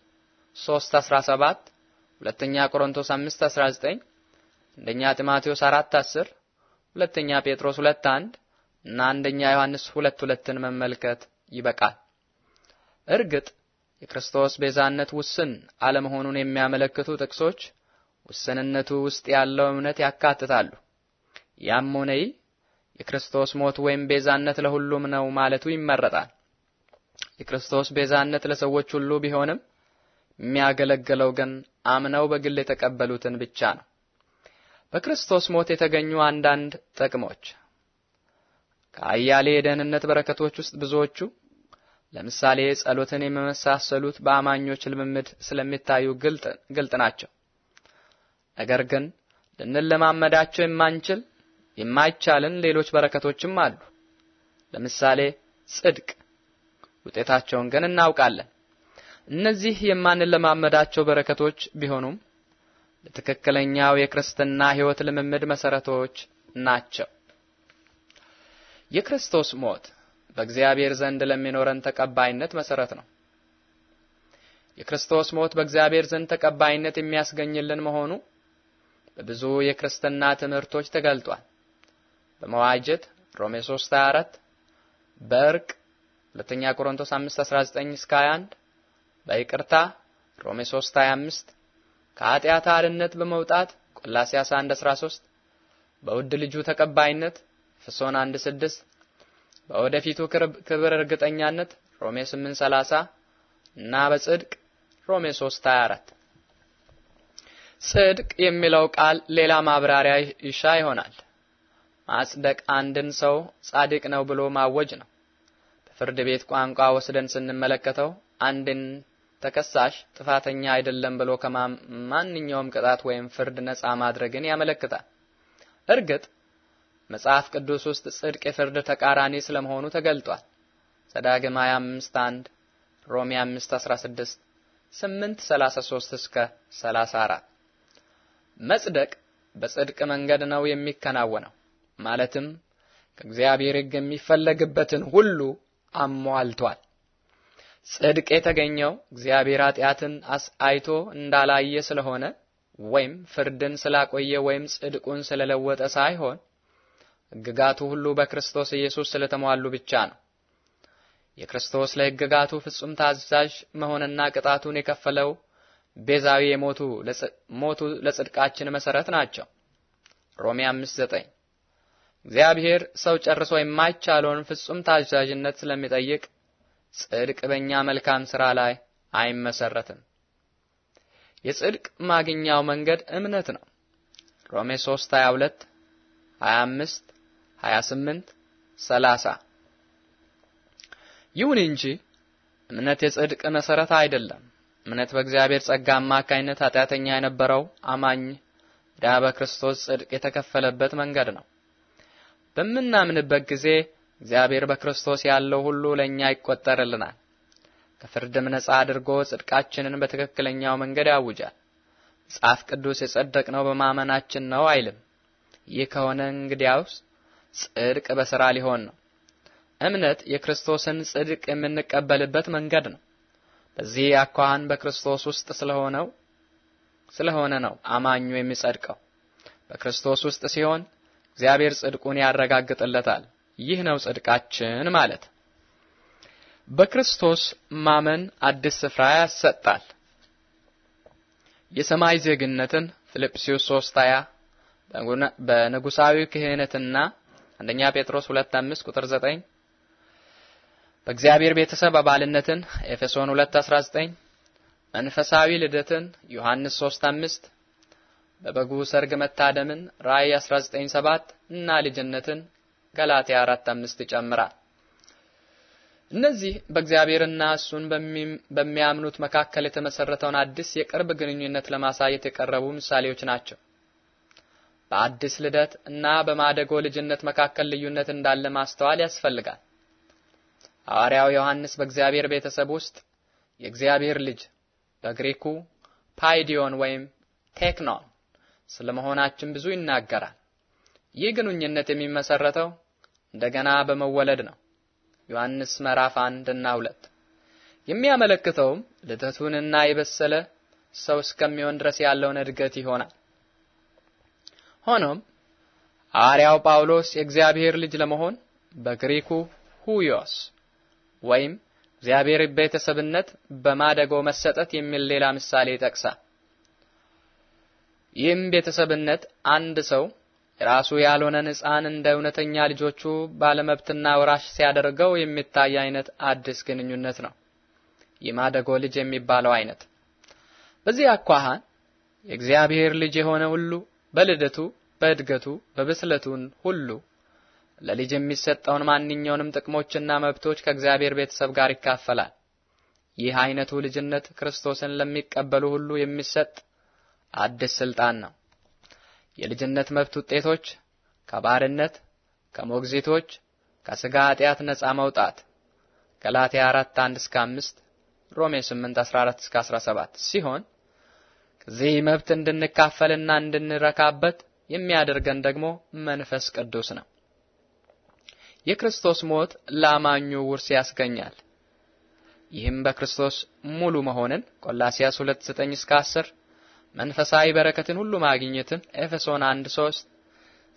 3 17 ሁለተኛ ቆሮንቶስ 5 19 አንደኛ ጢሞቴዎስ 4 10 ሁለተኛ ጴጥሮስ 2 1 እና አንደኛ ዮሐንስ ሁለት ሁለትን መመልከት ይበቃል። እርግጥ የክርስቶስ ቤዛነት ውስን አለመሆኑን የሚያመለክቱ ጥቅሶች ውስንነቱ ውስጥ ያለው እምነት ያካትታሉ። ያም ሆነ ይህ የክርስቶስ ሞት ወይም ቤዛነት ለሁሉም ነው ማለቱ ይመረጣል። የክርስቶስ ቤዛነት ለሰዎች ሁሉ ቢሆንም የሚያገለግለው ግን አምነው በግል የተቀበሉትን ብቻ ነው። በክርስቶስ ሞት የተገኙ አንዳንድ ጥቅሞች ከአያሌ የደህንነት በረከቶች ውስጥ ብዙዎቹ ለምሳሌ ጸሎትን የመመሳሰሉት በአማኞች ልምምድ ስለሚታዩ ግልጥ ናቸው። ነገር ግን ልንለማመዳቸው የማንችል የማይቻልን ሌሎች በረከቶችም አሉ። ለምሳሌ ጽድቅ፣ ውጤታቸውን ግን እናውቃለን። እነዚህ የማንለማመዳቸው በረከቶች ቢሆኑም ለትክክለኛው የክርስትና ሕይወት ልምምድ መሰረቶች ናቸው። የክርስቶስ ሞት በእግዚአብሔር ዘንድ ለሚኖረን ተቀባይነት መሰረት ነው። የክርስቶስ ሞት በእግዚአብሔር ዘንድ ተቀባይነት የሚያስገኝልን መሆኑ በብዙ የክርስትና ትምህርቶች ተገልጧል። በመዋጀት ሮሜ 3:24፣ በእርቅ ሁለተኛ ቆሮንቶስ 5:19 እስከ 21፣ በይቅርታ ሮሜ 3:25፣ ከኃጢአት አልነት በመውጣት ቆላስያስ 1:13፣ በውድ ልጁ ተቀባይነት ኤፌሶን 1:6 በወደፊቱ ክብር እርግጠኛነት ሮሜ 8:30 እና በጽድቅ ሮሜ 3:24 ጽድቅ የሚለው ቃል ሌላ ማብራሪያ ይሻ ይሆናል። ማጽደቅ አንድን ሰው ጻድቅ ነው ብሎ ማወጅ ነው። በፍርድ ቤት ቋንቋ ወስደን ስንመለከተው አንድን ተከሳሽ ጥፋተኛ አይደለም ብሎ ከማንኛውም ቅጣት ወይም ፍርድ ነፃ ማድረግን ያመለክታል። እርግጥ መጽሐፍ ቅዱስ ውስጥ ጽድቅ የፍርድ ተቃራኒ ስለመሆኑ ተገልጧል። ዘዳግም 25 1 ሮሜ 5 16 8 33 እስከ 34 መጽደቅ በጽድቅ መንገድ ነው የሚከናወነው። ማለትም ከእግዚአብሔር ሕግ የሚፈለግበትን ሁሉ አሟልቷል። ጽድቅ የተገኘው እግዚአብሔር ኃጢአትን አይቶ እንዳላየ ስለሆነ ወይም ፍርድን ስላቆየ ወይም ጽድቁን ስለለወጠ ሳይሆን ሕግጋቱ ሁሉ በክርስቶስ ኢየሱስ ስለተሟሉ ብቻ ነው። የክርስቶስ ለሕግጋቱ ፍጹም ታዛዥ መሆንና ቅጣቱን የከፈለው ቤዛዊ የሞቱ ሞቱ ለጽድቃችን መሰረት ናቸው። ሮሜ 5:9 እግዚአብሔር ሰው ጨርሶ የማይቻለውን ፍጹም ታዛዥነት ስለሚጠይቅ ጽድቅ በእኛ መልካም ሥራ ላይ አይመሰረትም። የጽድቅ ማግኛው መንገድ እምነት ነው። ሮሜ 3 22 25 28 30 ይሁን እንጂ እምነት የጽድቅ መሰረት አይደለም። እምነት በእግዚአብሔር ጸጋ አማካኝነት ኃጢአተኛ የነበረው አማኝ ዕዳ በክርስቶስ ጽድቅ የተከፈለበት መንገድ ነው። በምናምንበት ጊዜ እግዚአብሔር በክርስቶስ ያለው ሁሉ ለኛ ይቆጠርልናል። ከፍርድም ነጻ አድርጎ ጽድቃችንን በትክክለኛው መንገድ ያውጃል። መጽሐፍ ቅዱስ የጸደቅነው በማመናችን ነው አይልም። ይህ ከሆነ እንግዲያውስ ጽድቅ በስራ ሊሆን ነው። እምነት የክርስቶስን ጽድቅ የምንቀበልበት መንገድ ነው። በዚህ አኳኋን በክርስቶስ ውስጥ ስለሆነው ስለሆነ ነው አማኙ የሚጸድቀው። በክርስቶስ ውስጥ ሲሆን እግዚአብሔር ጽድቁን ያረጋግጥለታል። ይህ ነው ጽድቃችን ማለት። በክርስቶስ ማመን አዲስ ስፍራ ያሰጣል። የሰማይ ዜግነትን ፊልጵስዩስ 3:20 በንጉሳዊ ክህነትና አንደኛ ጴጥሮስ 2 5 ቁጥር 9 በእግዚአብሔር ቤተሰብ አባልነትን ኤፌሶን 2 19 መንፈሳዊ ልደትን ዮሐንስ 3 5 በበጉ ሰርግ መታደምን ራእይ 19 7 እና ልጅነትን ገላትያ 4 5 ይጨምራል። እነዚህ በእግዚአብሔርና እሱን በሚያምኑት መካከል የተመሰረተውን አዲስ የቅርብ ግንኙነት ለማሳየት የቀረቡ ምሳሌዎች ናቸው። በአዲስ ልደት እና በማደጎ ልጅነት መካከል ልዩነት እንዳለ ማስተዋል ያስፈልጋል። ሐዋርያው ዮሐንስ በእግዚአብሔር ቤተሰብ ውስጥ የእግዚአብሔር ልጅ በግሪኩ ፓይዲዮን ወይም ቴክኖን ስለመሆናችን ብዙ ይናገራል። ይህ ግንኙነት የሚመሰረተው እንደገና በመወለድ ነው። ዮሐንስ ምዕራፍ 1 እና 2 የሚያመለክተውም ልደቱንና የበሰለ ሰው እስከሚሆን ድረስ ያለውን እድገት ይሆናል። ሆኖም ሐዋርያው ጳውሎስ የእግዚአብሔር ልጅ ለመሆን በግሪኩ ሁዮስ ወይም እግዚአብሔር ቤተሰብነት በማደጎ መሰጠት የሚል ሌላ ምሳሌ ይጠቅሳል። ይህም ቤተሰብነት አንድ ሰው የራሱ ያልሆነን ሕፃን እንደ እውነተኛ ልጆቹ ባለመብትና ወራሽ ሲያደርገው የሚታይ አይነት አዲስ ግንኙነት ነው። የማደጎ ልጅ የሚባለው አይነት። በዚህ አኳኋን የእግዚአብሔር ልጅ የሆነ ሁሉ በልደቱ በእድገቱ በብስለቱን ሁሉ ለልጅ የሚሰጠውን ማንኛውንም ጥቅሞችና መብቶች ከእግዚአብሔር ቤተሰብ ጋር ይካፈላል። ይህ አይነቱ ልጅነት ክርስቶስን ለሚቀበሉ ሁሉ የሚሰጥ አዲስ ስልጣን ነው። የልጅነት መብት ውጤቶች ከባርነት፣ ከሞግዚቶች፣ ከስጋ ኃጢአት ነጻ መውጣት ገላትያ 4 1 እስከ 5 ሮሜ 8 14 እስከ 17 ሲሆን ከዚህ መብት እንድንካፈልና እንድንረካበት የሚያደርገን ደግሞ መንፈስ ቅዱስ ነው። የክርስቶስ ሞት ለአማኙ ውርስ ያስገኛል። ይህም በክርስቶስ ሙሉ መሆንን ቆላሲያስ 2:9 እስከ 10፣ መንፈሳዊ በረከትን ሁሉ ማግኘትን ኤፌሶን 1:3፣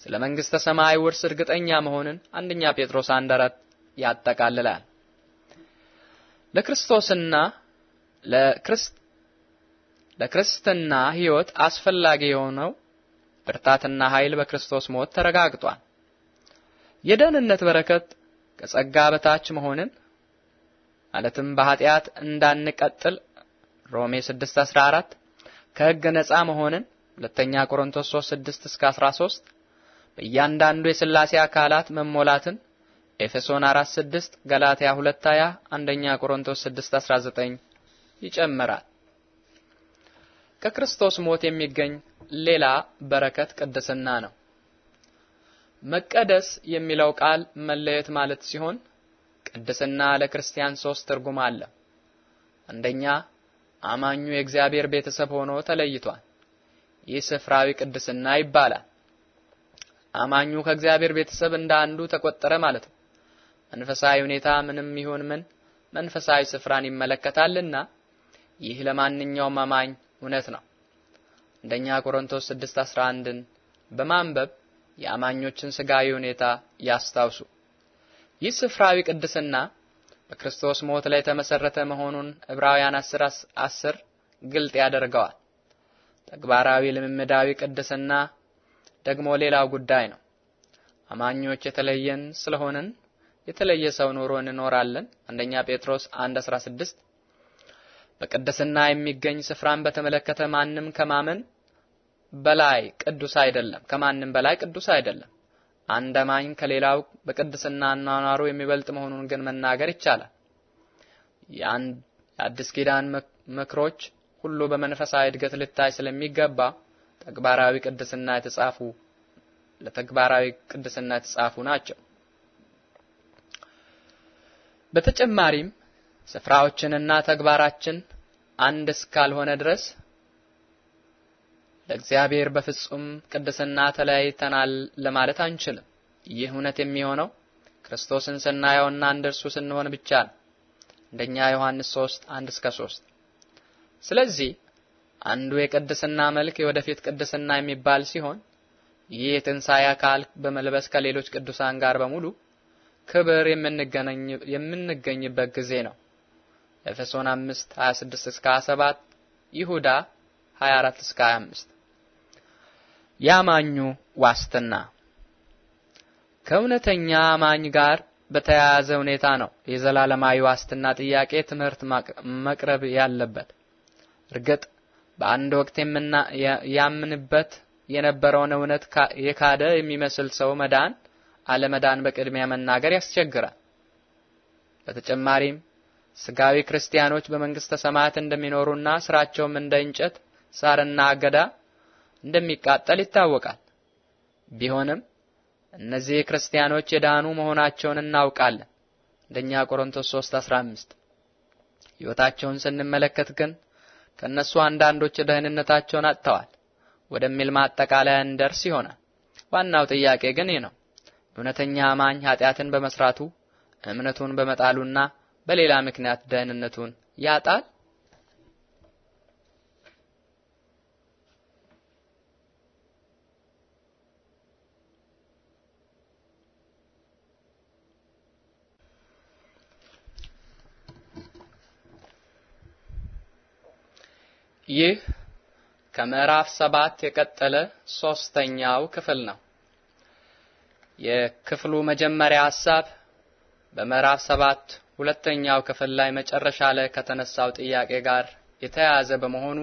ስለ መንግስተ ሰማይ ውርስ እርግጠኛ መሆንን አንደኛ ጴጥሮስ 1:4 ያጠቃልላል። ለክርስቶስና ለክርስት ለክርስትና ህይወት አስፈላጊ የሆነው ብርታትና ኃይል በክርስቶስ ሞት ተረጋግጧል። የደህንነት በረከት ከጸጋ በታች መሆንን ማለትም በኃጢአት እንዳንቀጥል ሮሜ 6:14 ከሕግ ነፃ መሆንን ሁለተኛ ቆሮንቶስ 3:6 13 በእያንዳንዱ የሥላሴ አካላት መሞላትን ኤፌሶን 4:6 ገላትያ 2:20 አንደኛ ቆሮንቶስ 6:19 ይጨምራል። ከክርስቶስ ሞት የሚገኝ ሌላ በረከት ቅድስና ነው። መቀደስ የሚለው ቃል መለየት ማለት ሲሆን ቅድስና ለክርስቲያን ሶስት ትርጉም አለ። አንደኛ አማኙ የእግዚአብሔር ቤተሰብ ሆኖ ተለይቷል። ይህ ስፍራዊ ቅድስና ይባላል። አማኙ ከእግዚአብሔር ቤተሰብ እንደ አንዱ ተቆጠረ ማለት ነው። መንፈሳዊ ሁኔታ ምንም ይሁን ምን መንፈሳዊ ስፍራን ይመለከታልና ይህ ለማንኛውም አማኝ እውነት ነው። አንደኛ ቆሮንቶስ 6:11ን በማንበብ የአማኞችን ስጋዊ ሁኔታ ያስታውሱ። ይህ ስፍራዊ ቅድስና በክርስቶስ ሞት ላይ የተመሰረተ መሆኑን ዕብራውያን 10 10 ግልጥ ያደርገዋል። ተግባራዊ ልምምዳዊ ቅድስና ደግሞ ሌላው ጉዳይ ነው። አማኞች የተለየን ስለሆንን የተለየ ሰው ኑሮ እንኖራለን። አንደኛ ጴጥሮስ 1:16 በቅድስና የሚገኝ ስፍራን በተመለከተ ማንም ከማመን በላይ ቅዱስ አይደለም። ከማንም በላይ ቅዱስ አይደለም። አንድ አማኝ ከሌላው በቅድስና አኗኗሩ የሚበልጥ መሆኑን ግን መናገር ይቻላል። የአዲስ ኪዳን ምክሮች ሁሉ በመንፈሳዊ እድገት ልታይ ስለሚገባ ተግባራዊ ቅድስና የተጻፉ ለተግባራዊ ቅድስና የተጻፉ ናቸው። በተጨማሪም ስፍራዎችንና ተግባራችን አንድ እስካልሆነ ድረስ ለእግዚአብሔር በፍጹም ቅድስና ተለያይተናል ለማለት አንችልም። ይህ እውነት የሚሆነው ክርስቶስን ስናየውና እንደ እርሱ ስንሆን ብቻ ነው። አንደኛ ዮሐንስ 3 1 እስከ 3። ስለዚህ አንዱ የቅድስና መልክ የወደፊት ቅድስና የሚባል ሲሆን ይህ የትንሣኤ አካል በመልበስ ከሌሎች ቅዱሳን ጋር በሙሉ ክብር የምንገኝበት ጊዜ ነው። ኤፌሶን 5 26 እስከ 27 ይሁዳ 24 እስከ 25 ያማኙ ዋስትና ከእውነተኛ አማኝ ጋር በተያያዘ ሁኔታ ነው የዘላለማዊ ዋስትና ጥያቄ ትምህርት መቅረብ ያለበት። እርግጥ በአንድ ወቅት ያምንበት የነበረውን እውነት የካደ የሚመስል ሰው መዳን አለመዳን በቅድሚያ መናገር ያስቸግራል። በተጨማሪም ስጋዊ ክርስቲያኖች በመንግስተ ሰማያት እንደሚኖሩና ስራቸውም እንደ እንጨት ሳርና አገዳ እንደሚቃጠል ይታወቃል። ቢሆንም እነዚህ ክርስቲያኖች የዳኑ መሆናቸውን እናውቃለን። አንደኛ ቆሮንቶስ 3:15 ሕይወታቸውን ስንመለከት ግን ከነሱ አንዳንዶች ደህንነታቸውን አጥተዋል ወደሚል ማጠቃለያ እንደርስ ይሆናል። ዋናው ጥያቄ ግን ይህ ነው። እውነተኛ አማኝ ኃጢአትን በመስራቱ እምነቱን በመጣሉና በሌላ ምክንያት ደህንነቱን ያጣል? ይህ ከምዕራፍ ሰባት የቀጠለ ሶስተኛው ክፍል ነው። የክፍሉ መጀመሪያ ሐሳብ በምዕራፍ ሰባት ሁለተኛው ክፍል ላይ መጨረሻ ላይ ከተነሳው ጥያቄ ጋር የተያያዘ በመሆኑ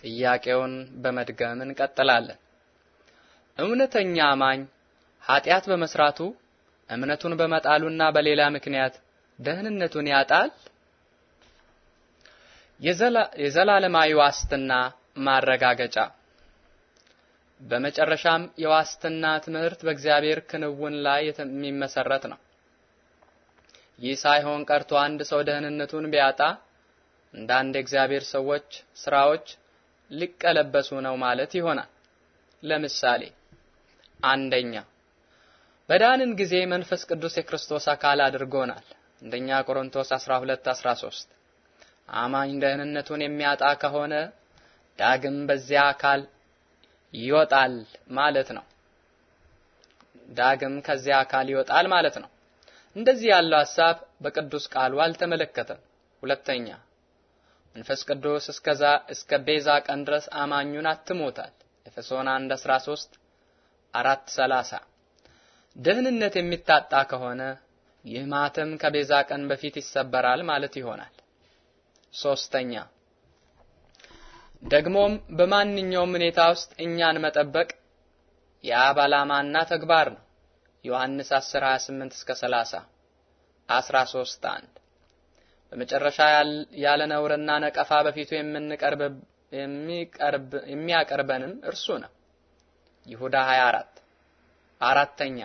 ጥያቄውን በመድገም እንቀጥላለን። እውነተኛ አማኝ ኃጢአት በመስራቱ እምነቱን በመጣሉና በሌላ ምክንያት ደህንነቱን ያጣል? የዘላለማዊ ዋስትና ማረጋገጫ በመጨረሻም የዋስትና ትምህርት በእግዚአብሔር ክንውን ላይ የሚመሰረት ነው። ይህ ሳይሆን ቀርቶ አንድ ሰው ደህንነቱን ቢያጣ እንደ አንድ እግዚአብሔር ሰዎች ስራዎች ሊቀለበሱ ነው ማለት ይሆናል። ለምሳሌ አንደኛ በዳንን ጊዜ መንፈስ ቅዱስ የክርስቶስ አካል አድርጎናል። አንደኛ ቆሮንቶስ 12 13 አማኝ ደህንነቱን የሚያጣ ከሆነ ዳግም በዚያ አካል ይወጣል ማለት ነው። ዳግም ከዚያ አካል ይወጣል ማለት ነው። እንደዚህ ያለው ሐሳብ በቅዱስ ቃሉ አልተመለከተም። ሁለተኛ መንፈስ ቅዱስ እስከዛ እስከ ቤዛ ቀን ድረስ አማኙን አትሞታል። ኤፌሶን 1 13 4 30 ደህንነት የሚታጣ ከሆነ ይህ ማተም ከቤዛ ቀን በፊት ይሰበራል ማለት ይሆናል። ሶስተኛ ደግሞም በማንኛውም ሁኔታ ውስጥ እኛን መጠበቅ የአብ ዓላማና ተግባር ነው። ዮሐንስ 10 28 እስከ 30 13 1 በመጨረሻ ያለ ነውርና ነቀፋ በፊቱ የምንቀርብ የሚቀርብ የሚያቀርበንም እርሱ ነው። ይሁዳ 24 አራተኛ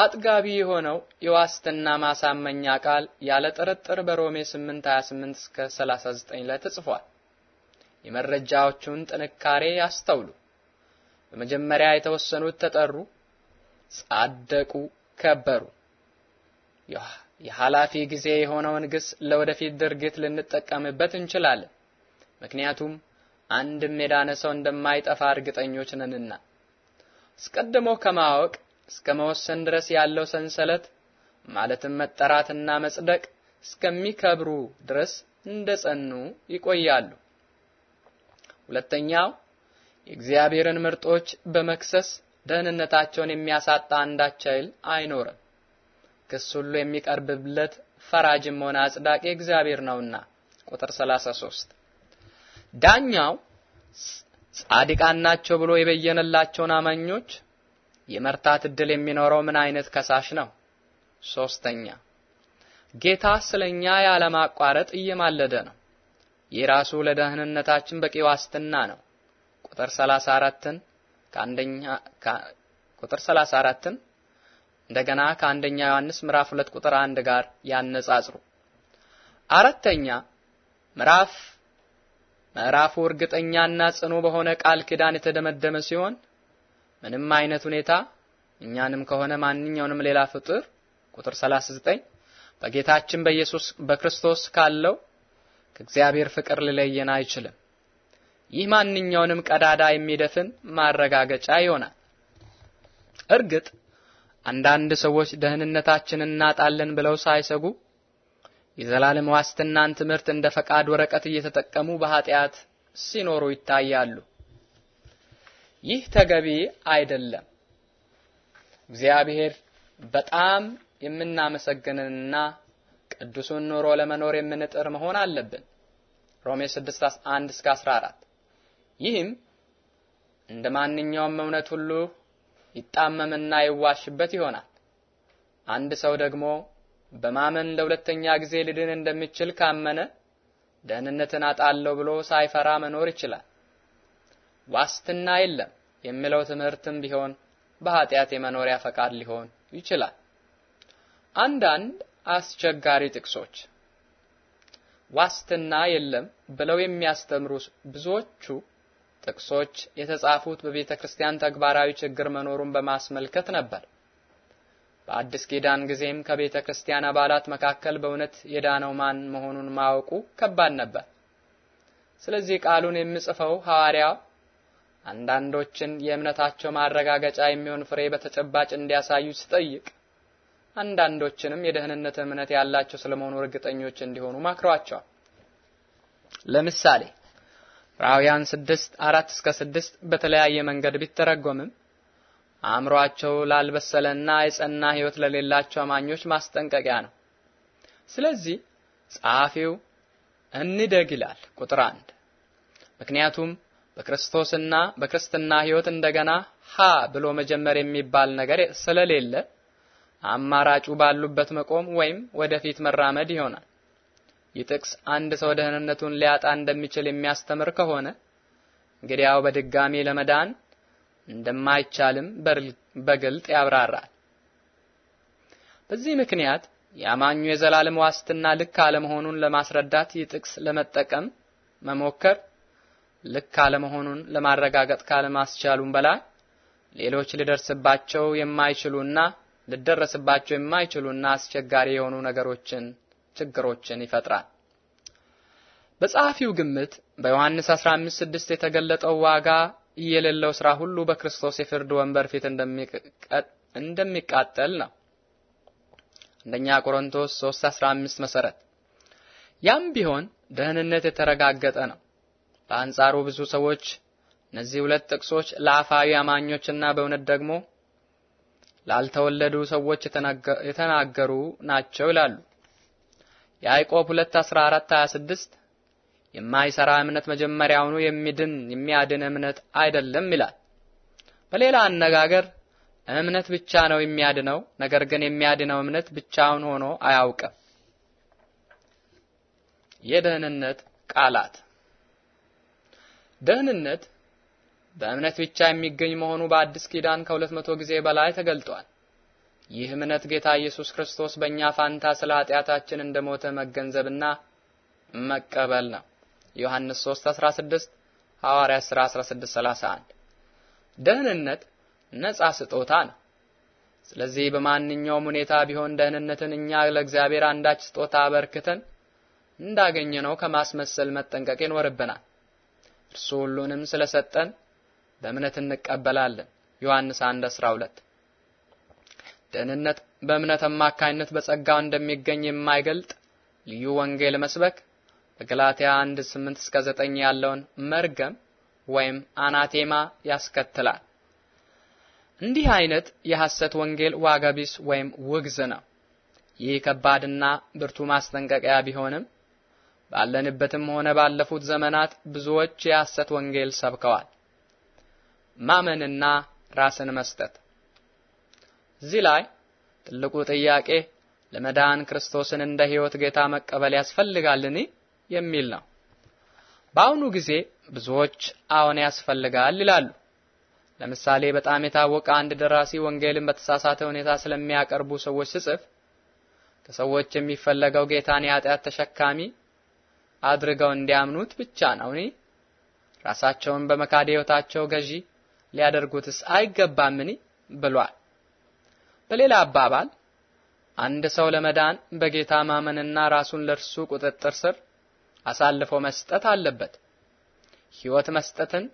አጥጋቢ የሆነው የዋስትና ማሳመኛ ቃል ያለ ጥርጥር በሮሜ 8:28 እስከ 39 ላይ ተጽፏል። የመረጃዎቹን ጥንካሬ ያስተውሉ። በመጀመሪያ የተወሰኑት ተጠሩ፣ ጻደቁ፣ ከበሩ። የኃላፊ ጊዜ የሆነውን ግስ ለወደፊት ድርጊት ልንጠቀምበት እንችላለን። ምክንያቱም አንድም የዳነ ሰው እንደማይጠፋ እርግጠኞች ነንና። አስቀድሞ ከማወቅ እስከ መወሰን ድረስ ያለው ሰንሰለት ማለትም መጠራትና መጽደቅ እስከሚከብሩ ድረስ እንደጸኑ ይቆያሉ። ሁለተኛው የእግዚአብሔርን ምርጦች በመክሰስ ደህንነታቸውን የሚያሳጣ አንዳች ኃይል አይኖርም። ክስ ሁሉ የሚቀርብለት ፈራጅም ሆነ አጽዳቂ እግዚአብሔር ነውና። ቁጥር 33 ዳኛው ጻድቃን ናቸው ብሎ የበየነላቸውን አማኞች የመርታት እድል የሚኖረው ምን አይነት ከሳሽ ነው? ሶስተኛ ጌታ ስለኛ ያለማቋረጥ እየማለደ ነው። ይህ ራሱ ለደህንነታችን በቂ ዋስትና ነው። ቁጥር 34ን ከአንደኛ ቁጥር 34ን እንደገና ከአንደኛ ዮሐንስ ምዕራፍ 2 ቁጥር 1 ጋር ያነጻጽሩ። አራተኛ ምዕራፍ ምዕራፉ እርግጠኛና ጽኑ በሆነ ቃል ኪዳን የተደመደመ ሲሆን ምንም አይነት ሁኔታ እኛንም ከሆነ ማንኛውንም ሌላ ፍጡር ቁጥር 39 በጌታችን በኢየሱስ በክርስቶስ ካለው ከእግዚአብሔር ፍቅር ሊለየን አይችልም። ይህ ማንኛውንም ቀዳዳ የሚደፍን ማረጋገጫ ይሆናል። እርግጥ አንዳንድ ሰዎች ደህንነታችንን እናጣለን ብለው ሳይሰጉ የዘላለም ዋስትናን ትምህርት እንደ ፈቃድ ወረቀት እየተጠቀሙ በኃጢአት ሲኖሩ ይታያሉ። ይህ ተገቢ አይደለም። እግዚአብሔር በጣም የምናመሰግንንና ቅዱሱን ኑሮ ለመኖር የምንጥር መሆን አለብን። ሮሜ 6:1 እስከ 14 ይህም እንደ ማንኛውም እውነት ሁሉ ይጣመምና ይዋሽበት ይሆናል። አንድ ሰው ደግሞ በማመን ለሁለተኛ ጊዜ ሊድን እንደሚችል ካመነ ደህንነትን አጣለሁ ብሎ ሳይፈራ መኖር ይችላል። ዋስትና የለም የሚለው ትምህርትም ቢሆን በኃጢአት የመኖሪያ ፈቃድ ሊሆን ይችላል። አንዳንድ አስቸጋሪ ጥቅሶች ዋስትና የለም ብለው የሚያስተምሩ ብዙዎቹ ጥቅሶች የተጻፉት በቤተ ክርስቲያን ተግባራዊ ችግር መኖሩን በማስመልከት ነበር። በአዲስ ኪዳን ጊዜም ከቤተ ክርስቲያን አባላት መካከል በእውነት የዳነው ማን መሆኑን ማወቁ ከባድ ነበር። ስለዚህ ቃሉን የሚጽፈው ሐዋርያ አንዳንዶችን የእምነታቸው ማረጋገጫ የሚሆን ፍሬ በተጨባጭ እንዲያሳዩ ሲጠይቅ፣ አንዳንዶችንም የደህንነት እምነት ያላቸው ስለመሆኑ እርግጠኞች እንዲሆኑ ማክሯቸዋል። ለምሳሌ ራውያን ስድስት አራት እስከ ስድስት በተለያየ መንገድ ቢተረጎምም አእምሯቸው ላልበሰለና የጸና ሕይወት ለሌላቸው አማኞች ማስጠንቀቂያ ነው። ስለዚህ ጸሐፊው እንደግ ይላል ቁጥር አንድ ምክንያቱም በክርስቶስና በክርስትና ሕይወት እንደገና ሀ ብሎ መጀመር የሚባል ነገር ስለሌለ አማራጩ ባሉበት መቆም ወይም ወደፊት መራመድ ይሆናል። ይህ ጥቅስ አንድ ሰው ደህንነቱን ሊያጣ እንደሚችል የሚያስተምር ከሆነ እንግዲያው በድጋሚ ለመዳን እንደማይቻልም በግልጥ ያብራራል። በዚህ ምክንያት የአማኙ የዘላለም ዋስትና ልክ አለመሆኑን ለማስረዳት ይህ ጥቅስ ለመጠቀም መሞከር ልክ አለመሆኑን ለማረጋገጥ ካለማስቻሉም በላይ ሌሎች ሊደርስባቸው የማይችሉና ሊደረስባቸው የማይችሉና አስቸጋሪ የሆኑ ነገሮችን ችግሮችን ይፈጥራል። በጸሐፊው ግምት በዮሐንስ 15:6 የተገለጠው ዋጋ የሌለው ሥራ ሁሉ በክርስቶስ የፍርድ ወንበር ፊት እንደሚቃጠል ነው። አንደኛ ቆሮንቶስ 3:15 መሰረት። ያም ቢሆን ደህንነት የተረጋገጠ ነው። በአንጻሩ ብዙ ሰዎች እነዚህ ሁለት ጥቅሶች ለአፋዊ አማኞችና በእውነት ደግሞ ላልተወለዱ ሰዎች የተናገሩ ናቸው ይላሉ። ያዕቆብ 2 14 26 የማይሰራ እምነት መጀመሪያውኑ የሚድን የሚያድን እምነት አይደለም ይላል። በሌላ አነጋገር እምነት ብቻ ነው የሚያድነው፣ ነገር ግን የሚያድነው እምነት ብቻውን ሆኖ አያውቅም። የደህንነት ቃላት ደህንነት በእምነት ብቻ የሚገኝ መሆኑ በአዲስ ኪዳን ከሁለት መቶ ጊዜ በላይ ተገልጧል። ይህ እምነት ጌታ ኢየሱስ ክርስቶስ በእኛ ፋንታ ስለ ኃጢአታችን እንደሞተ መገንዘብና መቀበል ነው። ዮሐንስ 3:16 ሐዋርያ 16:31 ደህንነት ነጻ ስጦታ ነው። ስለዚህ በማንኛውም ሁኔታ ቢሆን ደህንነትን እኛ ለእግዚአብሔር አንዳች ስጦታ አበርክተን እንዳገኘ ነው ከማስመሰል መጠንቀቅ ይኖርብናል። እርሱ ሁሉንም ስለሰጠን በእምነት እንቀበላለን። ዮሐንስ 1:12 ደህንነት በእምነት አማካኝነት በጸጋ እንደሚገኝ የማይገልጥ ልዩ ወንጌል መስበክ በገላትያ 1:8 እስከ 9 ያለውን መርገም ወይም አናቴማ ያስከትላል። እንዲህ አይነት የሐሰት ወንጌል ዋጋቢስ ወይም ውግዝ ነው። ይህ ከባድና ብርቱ ማስጠንቀቂያ ቢሆንም ባለንበትም ሆነ ባለፉት ዘመናት ብዙዎች የሐሰት ወንጌል ሰብከዋል። ማመንና ራስን መስጠት እዚህ ላይ ትልቁ ጥያቄ ለመዳን ክርስቶስን እንደ ሕይወት ጌታ መቀበል ያስፈልጋልን የሚል ነው። በአሁኑ ጊዜ ብዙዎች አዎን ያስፈልጋል ይላሉ። ለምሳሌ በጣም የታወቀ አንድ ደራሲ ወንጌልን በተሳሳተ ሁኔታ ስለሚያቀርቡ ሰዎች ሲጽፍ ከሰዎች የሚፈለገው ጌታን የኃጢአት ተሸካሚ አድርገው እንዲያምኑት ብቻ ነው። እኔ ራሳቸውን በመካድ ሕይወታቸው ገዢ ሊያደርጉትስ አይገባምን ብሏል። በሌላ አባባል አንድ ሰው ለመዳን በጌታ ማመንና ራሱን ለርሱ ቁጥጥር ስር አሳልፎ መስጠት አለበት። ሕይወት መስጠትን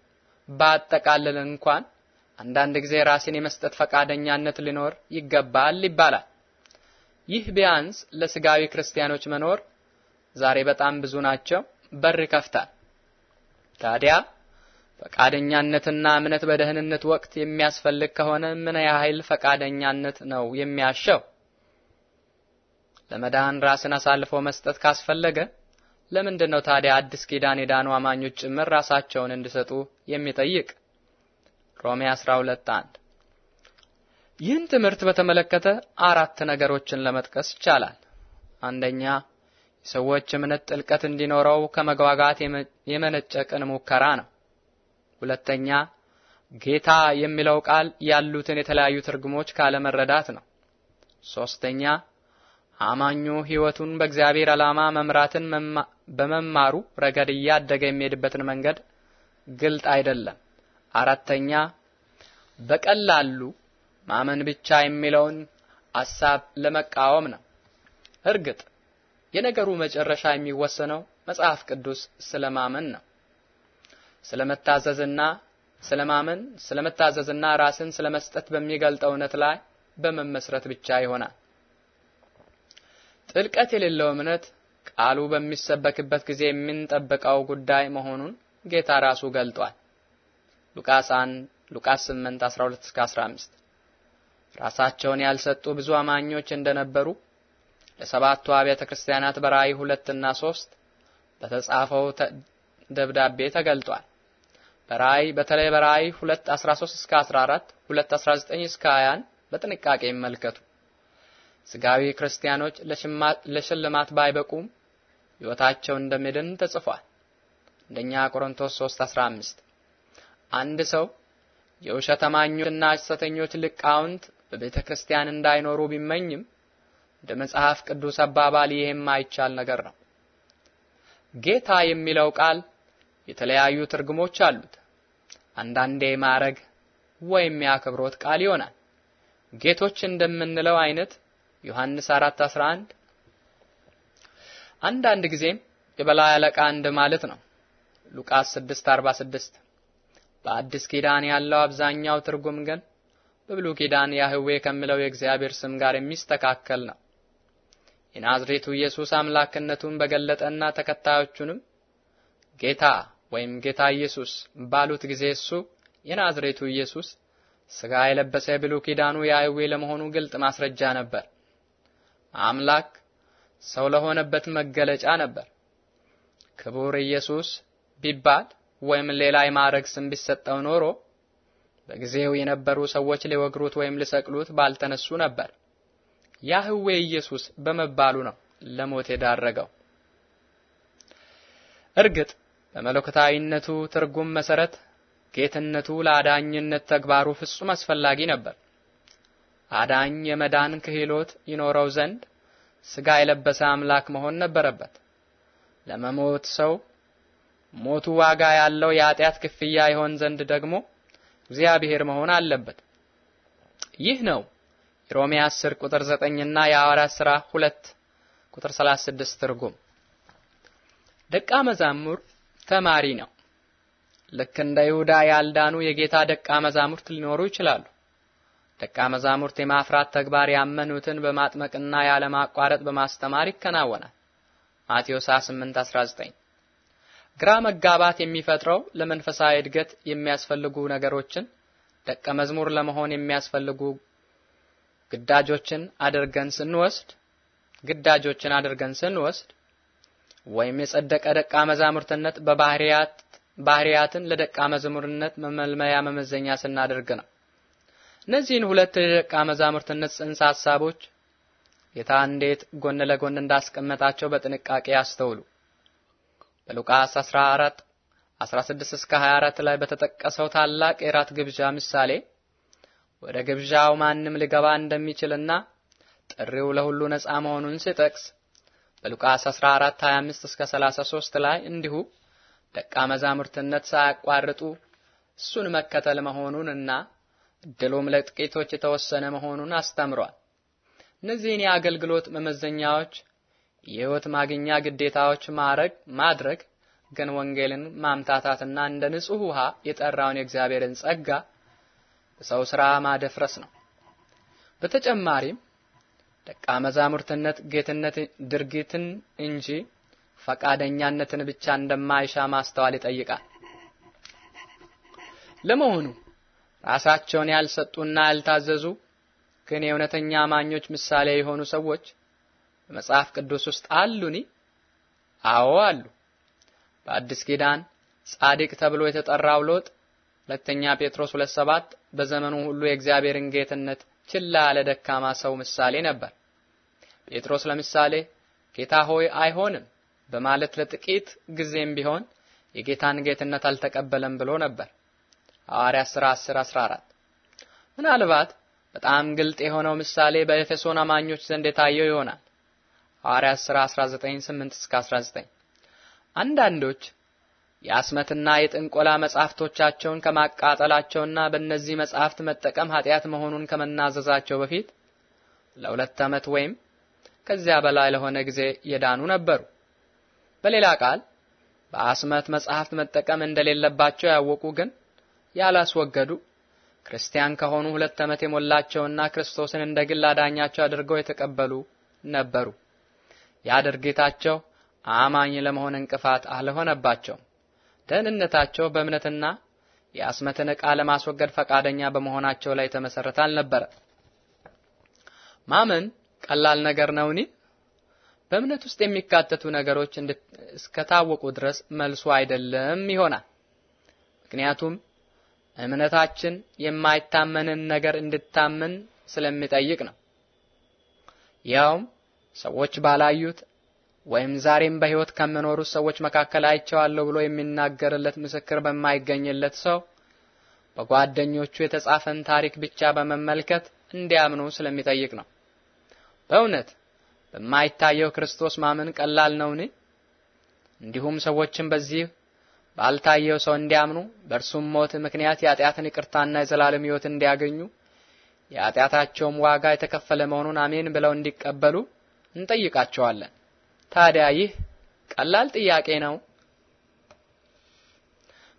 ባጠቃልል እንኳን አንዳንድ ጊዜ ራስን የመስጠት ፈቃደኛነት ሊኖር ይገባል ይባላል። ይህ ቢያንስ ለስጋዊ ክርስቲያኖች መኖር ዛሬ በጣም ብዙ ናቸው በር ይከፍታል። ታዲያ ፈቃደኛነትና እምነት በደህንነት ወቅት የሚያስፈልግ ከሆነ ምን ያህል ፈቃደኛነት ነው የሚያሻው? ለመዳን ራስን አሳልፎ መስጠት ካስፈለገ ለምንድን ነው ታዲያ አዲስ ኪዳን የዳኑ አማኞች ጭምር ራሳቸውን እንዲሰጡ የሚጠይቅ? ሮሜ 12 1 ይህን ትምህርት በተመለከተ አራት ነገሮችን ለመጥቀስ ይቻላል። አንደኛ የሰዎች እምነት ጥልቀት እንዲኖረው ከመጓጓት የመነጨቅን ሙከራ ነው። ሁለተኛ ጌታ የሚለው ቃል ያሉትን የተለያዩ ትርጉሞች ካለመረዳት ነው። ሶስተኛ አማኙ ሕይወቱን በእግዚአብሔር ዓላማ መምራትን በመማሩ ረገድ እያደገ የሚሄድበትን መንገድ ግልጥ አይደለም። አራተኛ በቀላሉ ማመን ብቻ የሚለውን አሳብ ለመቃወም ነው። እርግጥ የነገሩ መጨረሻ የሚወሰነው መጽሐፍ ቅዱስ ስለማመን ነው። ስለመታዘዝና ስለማመን ስለመታዘዝና ራስን ስለመስጠት በሚገልጠው እውነት ላይ በመመስረት ብቻ ይሆናል። ጥልቀት የሌለው እምነት ቃሉ በሚሰበክበት ጊዜ የምንጠብቀው ጉዳይ መሆኑን ጌታ ራሱ ገልጧል። ሉቃስ 1 ሉቃስ 8 12 እስከ 15 ራሳቸውን ያልሰጡ ብዙ አማኞች እንደነበሩ ለሰባቱ አብያተ ክርስቲያናት በራእይ እና 3 በተጻፈው ደብዳቤ ተገልጧል። በራይ በተለይ በራይ 2 13 እስከ 14 2 19 እስከ 20 በጥንቃቄ ይመልከቱ። ስጋዊ ክርስቲያኖች ለሽልማት ባይበቁም ሕይወታቸው እንደሚድን ተጽፏል። አንደኛ ቆሮንቶስ 3:15 አንድ ሰው የውሸት አማኞችና ሐሰተኞች ሊቃውንት በቤተ ክርስቲያን እንዳይኖሩ ቢመኝም እንደ መጽሐፍ ቅዱስ አባባል ይሄም አይቻል ነገር ነው። ጌታ የሚለው ቃል የተለያዩ ትርጉሞች አሉት። አንዳንዴ ማረግ ወይም የአክብሮት ቃል ይሆናል። ጌቶች እንደምንለው አይነት ዮሐንስ 4:11 አንዳንድ ጊዜም የበላይ አለቃ እንደ ማለት ነው። ሉቃስ 6:46 በአዲስ ኪዳን ያለው አብዛኛው ትርጉም ግን በብሉይ ኪዳን ያህዌ ከሚለው የእግዚአብሔር ስም ጋር የሚስተካከል ነው። የናዝሬቱ ኢየሱስ አምላክነቱን በገለጠና ተከታዮቹንም ጌታ ወይም ጌታ ኢየሱስ ባሉት ጊዜ እሱ የናዝሬቱ ኢየሱስ ስጋ የለበሰ ብሉይ ኪዳኑ የአይዌ ለመሆኑ ግልጥ ማስረጃ ነበር። አምላክ ሰው ለሆነበት መገለጫ ነበር። ክቡር ኢየሱስ ቢባል ወይም ሌላ የማዕረግ ስም ቢሰጠው ኖሮ በጊዜው የነበሩ ሰዎች ሊወግሩት ወይም ሊሰቅሉት ባልተነሱ ነበር። ያህዌ ኢየሱስ በመባሉ ነው ለሞት የዳረገው። እርግጥ በመለኮታዊነቱ ትርጉም መሰረት ጌትነቱ ለአዳኝነት ተግባሩ ፍጹም አስፈላጊ ነበር። አዳኝ የመዳን ክህሎት ይኖረው ዘንድ ስጋ የለበሰ አምላክ መሆን ነበረበት። ለመሞት ሰው ሞቱ ዋጋ ያለው የኃጢአት ክፍያ ይሆን ዘንድ ደግሞ እግዚአብሔር መሆን አለበት። ይህ ነው የሮሜ 10 ቁጥር 9 እና የሐዋርያት ሥራ 2 ቁጥር 36 ትርጉም። ደቀ መዛሙር ተማሪ ነው። ልክ እንደ ይሁዳ ያልዳኑ የጌታ ደቀ መዛሙርት ሊኖሩ ይችላሉ። ደቀ መዛሙርት የማፍራት ተግባር ያመኑትን በማጥመቅና ያለማቋረጥ በማስተማር ይከናወናል። ማቴዎስ 28:19 ግራ መጋባት የሚፈጥረው ለመንፈሳዊ እድገት የሚያስፈልጉ ነገሮችን ደቀ መዝሙር ለመሆን የሚያስፈልጉ ግዳጆችን አድርገን ስንወስድ ግዳጆችን አድርገን ስንወስድ ወይም የጸደቀ ደቃ መዛሙርትነት በባህሪያት ባህሪያትን ለደቃ መዝሙርነት መመልመያ መመዘኛ ስናደርግ ነው። እነዚህን ሁለት የደቃ መዛሙርትነት ጽንሰ ሐሳቦች ጌታ እንዴት ጎን ለጎን እንዳስቀመጣቸው በጥንቃቄ ያስተውሉ። በሉቃስ 14 16 እስከ 24 ላይ በተጠቀሰው ታላቅ የራት ግብዣ ምሳሌ ወደ ግብዣው ማንም ሊገባ እንደሚችልና ጥሪው ለሁሉ ነፃ መሆኑን ሲጠቅስ በሉቃስ 14 25 እስከ 33 ላይ እንዲሁ ደቀ መዛሙርትነት ሳያቋርጡ እሱን መከተል መሆኑንና እድሉም ለጥቂቶች የተወሰነ መሆኑን አስተምሯል። እነዚህን የአገልግሎት መመዘኛዎች የህይወት ማግኛ ግዴታዎች ማረግ ማድረግ ግን ወንጌልን ማምታታትና እንደ ንጹህ ውሃ የጠራውን የእግዚአብሔርን ጸጋ በሰው ስራ ማደፍረስ ነው። በተጨማሪም ደቀ መዛሙርትነት ጌትነት ድርጊትን እንጂ ፈቃደኛነትን ብቻ እንደማይሻ ማስተዋል ይጠይቃል። ለመሆኑ ራሳቸውን ያልሰጡና ያልታዘዙ ግን የእውነተኛ አማኞች ምሳሌ የሆኑ ሰዎች በመጽሐፍ ቅዱስ ውስጥ አሉኒ? አዎ አሉ። በአዲስ ኪዳን ጻድቅ ተብሎ የተጠራው ሎጥ ሁለተኛ ጴጥሮስ 2:7 በዘመኑ ሁሉ የእግዚአብሔርን ጌትነት ችላ ለደካማ ሰው ምሳሌ ነበር። ጴጥሮስ ለምሳሌ ጌታ ሆይ አይሆንም በማለት ለጥቂት ጊዜም ቢሆን የጌታን ጌትነት አልተቀበለም ብሎ ነበር። ሐዋርያ 10 10 14 ምናልባት በጣም ግልጥ የሆነው ምሳሌ በኤፌሶን አማኞች ዘንድ የታየው ይሆናል። ሐዋርያ 10 19 8 እስከ 19 አንዳንዶች የአስመትና የጥንቆላ መጻሕፍቶቻቸውን ከማቃጠላቸውና በእነዚህ መጻሕፍት መጠቀም ኃጢአት መሆኑን ከመናዘዛቸው በፊት ለሁለት ዓመት ወይም ከዚያ በላይ ለሆነ ጊዜ የዳኑ ነበሩ። በሌላ ቃል በአስመት መጻሕፍት መጠቀም እንደሌለባቸው ያወቁ ግን ያላስወገዱ ክርስቲያን ከሆኑ ሁለት ዓመት የሞላቸውና ክርስቶስን እንደ ግል አዳኛቸው አድርገው የተቀበሉ ነበሩ። ያ ድርጊታቸው አማኝ ለመሆን እንቅፋት አልሆነባቸውም። ደህንነታቸው በእምነትና የአስመትን ዕቃ ለማስወገድ ፈቃደኛ በመሆናቸው ላይ የተመሰረተ አልነበረ። ማመን ቀላል ነገር ነውኒ? በእምነት ውስጥ የሚካተቱ ነገሮች እስከታወቁ ድረስ መልሱ አይደለም ይሆናል። ምክንያቱም እምነታችን የማይታመንን ነገር እንድታመን ስለሚጠይቅ ነው። ያውም ሰዎች ባላዩት ወይም ዛሬም በሕይወት ከሚኖሩ ሰዎች መካከል አይቼዋለሁ ብሎ የሚናገርለት ምስክር በማይገኝለት ሰው በጓደኞቹ የተጻፈን ታሪክ ብቻ በመመልከት እንዲያምኑ ስለሚጠይቅ ነው። በእውነት በማይታየው ክርስቶስ ማመን ቀላል ነውን? እንዲሁም ሰዎችን በዚህ ባልታየው ሰው እንዲያምኑ በእርሱም ሞት ምክንያት የኃጢአትን ይቅርታና የዘላለም ሕይወት እንዲያገኙ የኃጢአታቸውም ዋጋ የተከፈለ መሆኑን አሜን ብለው እንዲቀበሉ እንጠይቃቸዋለን። ታዲያ ይህ ቀላል ጥያቄ ነው።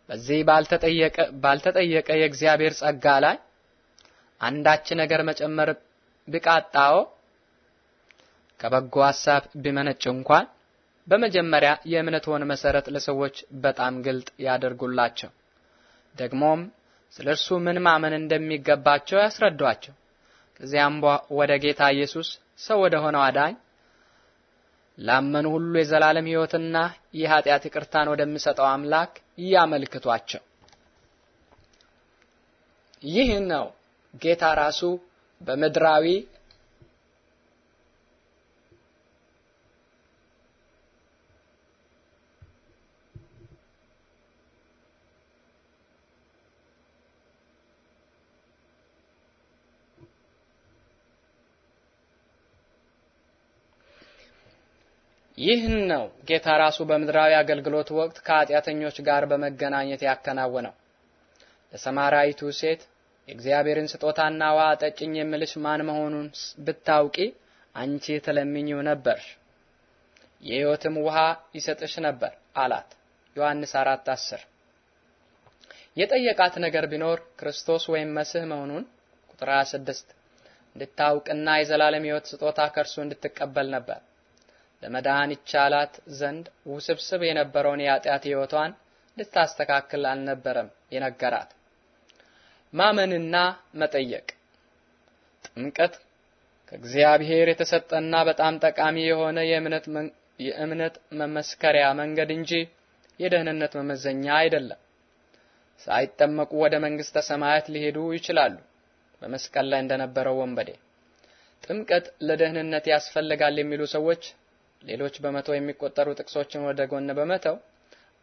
በዚህ ባልተጠየቀ ባልተጠየቀ የእግዚአብሔር ጸጋ ላይ አንዳች ነገር መጨመር ቢቃጣው ከበጎ ሐሳብ ቢመነጭ እንኳን በመጀመሪያ የእምነትዎን መሰረት ለሰዎች በጣም ግልጥ ያደርጉላቸው። ደግሞም ስለ እርሱ ምን ማመን እንደሚገባቸው ያስረዷቸው። ከዚያም ወደ ጌታ ኢየሱስ ሰው ወደ ሆነው አዳኝ ላመኑ ሁሉ የዘላለም ሕይወትና የኃጢአት ይቅርታን ወደሚሰጠው አምላክ ያመልክቷቸው። ይህ ነው ጌታ ራሱ በምድራዊ ይህን ነው ጌታ ራሱ በምድራዊ አገልግሎት ወቅት ከኃጢአተኞች ጋር በመገናኘት ያከናወነው። ለሰማራዊቱ ሴት የእግዚአብሔርን ስጦታና ውሃ ጠጭኝ የምልሽ ማን መሆኑን ብታውቂ አንቺ ትለምኚው ነበርሽ፣ የሕይወትም ውሃ ይሰጥሽ ነበር አላት። ዮሐንስ 10 የጠየቃት ነገር ቢኖር ክርስቶስ ወይም መስህ መሆኑን ቁጥር 26 እንድታውቅና የዘላለም ሕይወት ስጦታ ከእርሱ እንድትቀበል ነበር። ለመዳን ይቻላት ዘንድ ውስብስብ የነበረውን የኃጢአት ሕይወቷን ልታስተካክል አልነበረም የነገራት። ማመንና መጠየቅ ጥምቀት ከእግዚአብሔር የተሰጠና በጣም ጠቃሚ የሆነ የእምነት መመስከሪያ መንገድ እንጂ የደህንነት መመዘኛ አይደለም። ሳይጠመቁ ወደ መንግስተ ሰማያት ሊሄዱ ይችላሉ፣ በመስቀል ላይ እንደነበረው ወንበዴ። ጥምቀት ለደህንነት ያስፈልጋል የሚሉ ሰዎች ሌሎች በመቶ የሚቆጠሩ ጥቅሶችን ወደ ጎን በመተው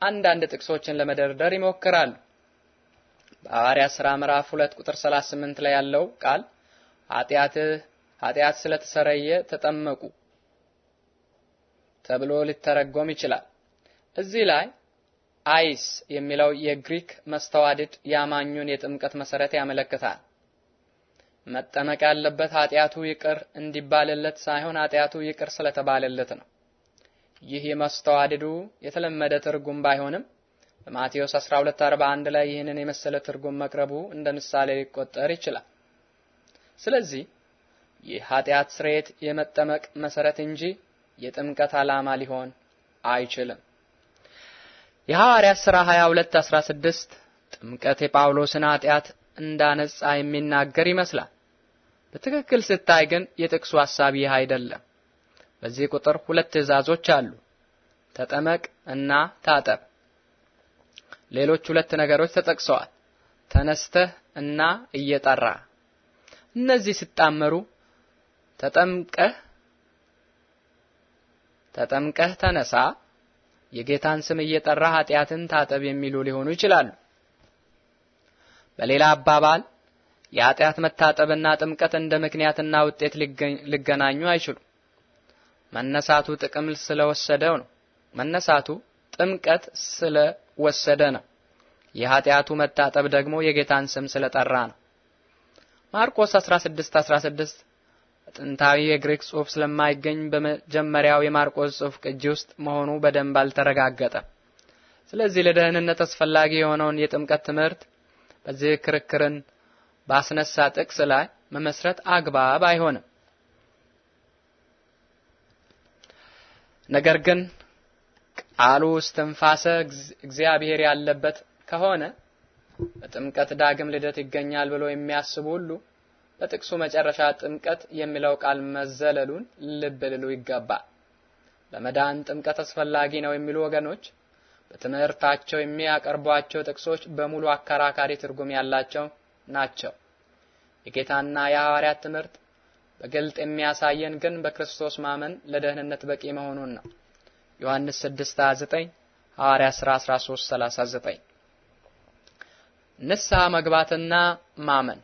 አንዳንድ ጥቅሶችን ለመደርደር ይሞክራሉ። በሐዋርያት ሥራ ምዕራፍ 2 ቁጥር 38 ላይ ያለው ቃል ኃጢአትህ ኃጢአት ስለተሰረየ ተጠመቁ ተብሎ ሊተረጎም ይችላል። እዚህ ላይ አይስ የሚለው የግሪክ መስተዋድድ የአማኙን የጥምቀት መሰረት ያመለክታል። መጠመቅ ያለበት ኃጢአቱ ይቅር እንዲባልለት ሳይሆን ኃጢአቱ ይቅር ስለተባለለት ነው። ይህ የመስተዋድዱ የተለመደ ትርጉም ባይሆንም በማቴዎስ 12:41 ላይ ይህንን የመሰለ ትርጉም መቅረቡ እንደ ምሳሌ ሊቆጠር ይችላል። ስለዚህ ይህ ኃጢአት ስርየት የመጠመቅ መሰረት እንጂ የጥምቀት ዓላማ ሊሆን አይችልም። የሐዋርያት ሥራ 16 ጥምቀት የጳውሎስን ኃጢአት እንዳነጻ የሚናገር ይመስላል። በትክክል ስታይ ግን የጥቅሱ ሐሳብ ይህ አይደለም። በዚህ ቁጥር ሁለት ትእዛዞች አሉ፣ ተጠመቅ እና ታጠብ። ሌሎች ሁለት ነገሮች ተጠቅሰዋል፣ ተነስተህ እና እየጠራ። እነዚህ ሲጣመሩ ተጠምቀህ ተጠምቀህ ተነሳ፣ የጌታን ስም እየጠራ ኃጢአትን ታጠብ የሚሉ ሊሆኑ ይችላሉ። በሌላ አባባል የኃጢአት መታጠብና ጥምቀት እንደ ምክንያትና ውጤት ሊገናኙ አይችሉም። መነሳቱ ጥቅም ስለወሰደው ነው። መነሳቱ ጥምቀት ስለወሰደ ነው። የኃጢአቱ መታጠብ ደግሞ የጌታን ስም ስለጠራ ነው። ማርቆስ 16 16 ጥንታዊ የግሪክ ጽሑፍ ስለማይገኝ በመጀመሪያው የማርቆስ ጽሑፍ ቅጂ ውስጥ መሆኑ በደንብ አልተረጋገጠም። ስለዚህ ለደህንነት አስፈላጊ የሆነውን የጥምቀት ትምህርት በዚህ ክርክርን ባስነሳ ጥቅስ ላይ መመስረት አግባብ አይሆንም። ነገር ግን ቃሉ እስትንፋሰ እግዚአብሔር ያለበት ከሆነ በጥምቀት ዳግም ልደት ይገኛል ብሎ የሚያስቡ ሁሉ በጥቅሱ መጨረሻ ጥምቀት የሚለው ቃል መዘለሉን ልብ ልሉ ይገባል። ለመዳን ጥምቀት አስፈላጊ ነው የሚሉ ወገኖች በትምህርታቸው የሚያቀርቧቸው ጥቅሶች በሙሉ አከራካሪ ትርጉም ያላቸው ናቸው። የጌታና የሐዋርያት ትምህርት በግልጥ የሚያሳየን ግን በክርስቶስ ማመን ለደህንነት በቂ መሆኑን ነው። ዮሐንስ 6:29 ሐዋርያ 13:39 ንስሐ መግባትና ማመን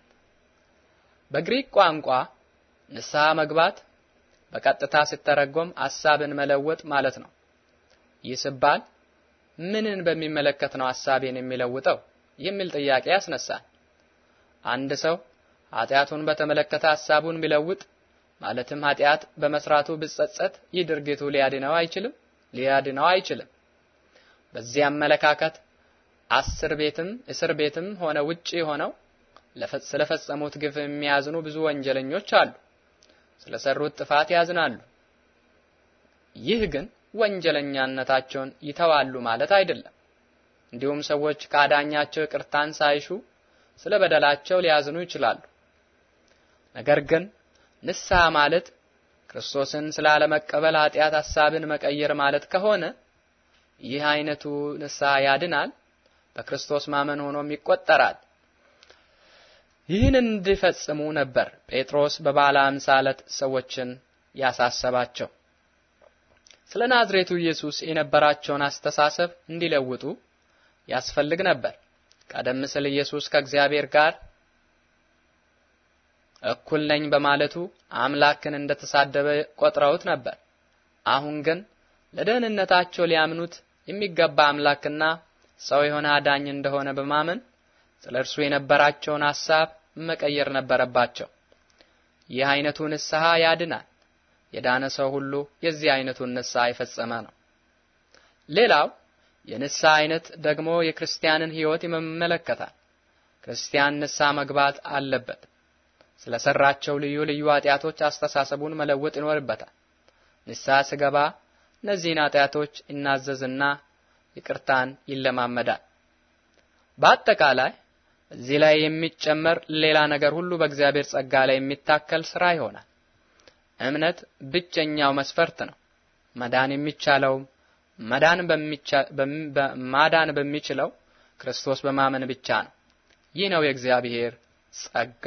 በግሪክ ቋንቋ ንስሐ መግባት በቀጥታ ሲተረጎም ሐሳብን መለወጥ ማለት ነው። ይህ ሲባል ምንን በሚመለከት ነው ሐሳቤን የሚለውጠው የሚል ጥያቄ ያስነሳል። አንድ ሰው ኃጢአቱን በተመለከተ ሐሳቡን ቢለውጥ ማለትም ኃጢአት በመስራቱ ብጸጸት ይህ ድርጊቱ ሊያድነው አይችልም ሊያድነው አይችልም። በዚህ አመለካከት አስር ቤትም እስር ቤትም ሆነ ውጪ ሆነው ስለፈጸሙት ግፍ የሚያዝኑ ብዙ ወንጀለኞች አሉ። ስለሰሩት ጥፋት ያዝናሉ። ይህ ግን ወንጀለኛነታቸውን ይተዋሉ ማለት አይደለም። እንዲሁም ሰዎች ካዳኛቸው ይቅርታን ሳይሹ ስለ በደላቸው ሊያዝኑ ይችላሉ። ነገር ግን ንስሐ ማለት ክርስቶስን ስላለመቀበል ኃጢአት ሐሳብን መቀየር ማለት ከሆነ ይህ አይነቱ ንስሐ ያድናል፣ በክርስቶስ ማመን ሆኖም ይቆጠራል። ይህን እንዲፈጽሙ ነበር ጴጥሮስ በበዓለ አምሳለት ሰዎችን ያሳሰባቸው። ስለ ናዝሬቱ ኢየሱስ የነበራቸውን አስተሳሰብ እንዲለውጡ ያስፈልግ ነበር። ቀደም ሲል ኢየሱስ ከእግዚአብሔር ጋር እኩል ነኝ በማለቱ አምላክን እንደተሳደበ ቆጥረውት ነበር። አሁን ግን ለደህንነታቸው ሊያምኑት የሚገባ አምላክና ሰው የሆነ አዳኝ እንደሆነ በማመን ስለ እርሱ የነበራቸውን ሐሳብ መቀየር ነበረባቸው። ይህ አይነቱ ንስሐ ያድናል። የዳነ ሰው ሁሉ የዚህ አይነቱን ንስሐ የፈጸመ ነው። ሌላው የንስሐ አይነት ደግሞ የክርስቲያንን ህይወት ይመለከታል። ክርስቲያን ንስሐ መግባት አለበት። ስለሰራቸው ልዩ ልዩ ኃጢአቶች አስተሳሰቡን መለወጥ ይኖርበታል። ንስሐ ስገባ እነዚህን ኃጢአቶች ይናዘዝና ይቅርታን ይለማመዳል። በአጠቃላይ እዚህ ላይ የሚጨመር ሌላ ነገር ሁሉ በእግዚአብሔር ጸጋ ላይ የሚታከል ስራ ይሆናል። እምነት ብቸኛው መስፈርት ነው። መዳን የሚቻለውም መዳን ማዳን በሚችለው ክርስቶስ በማመን ብቻ ነው። ይህ ነው የእግዚአብሔር ጸጋ።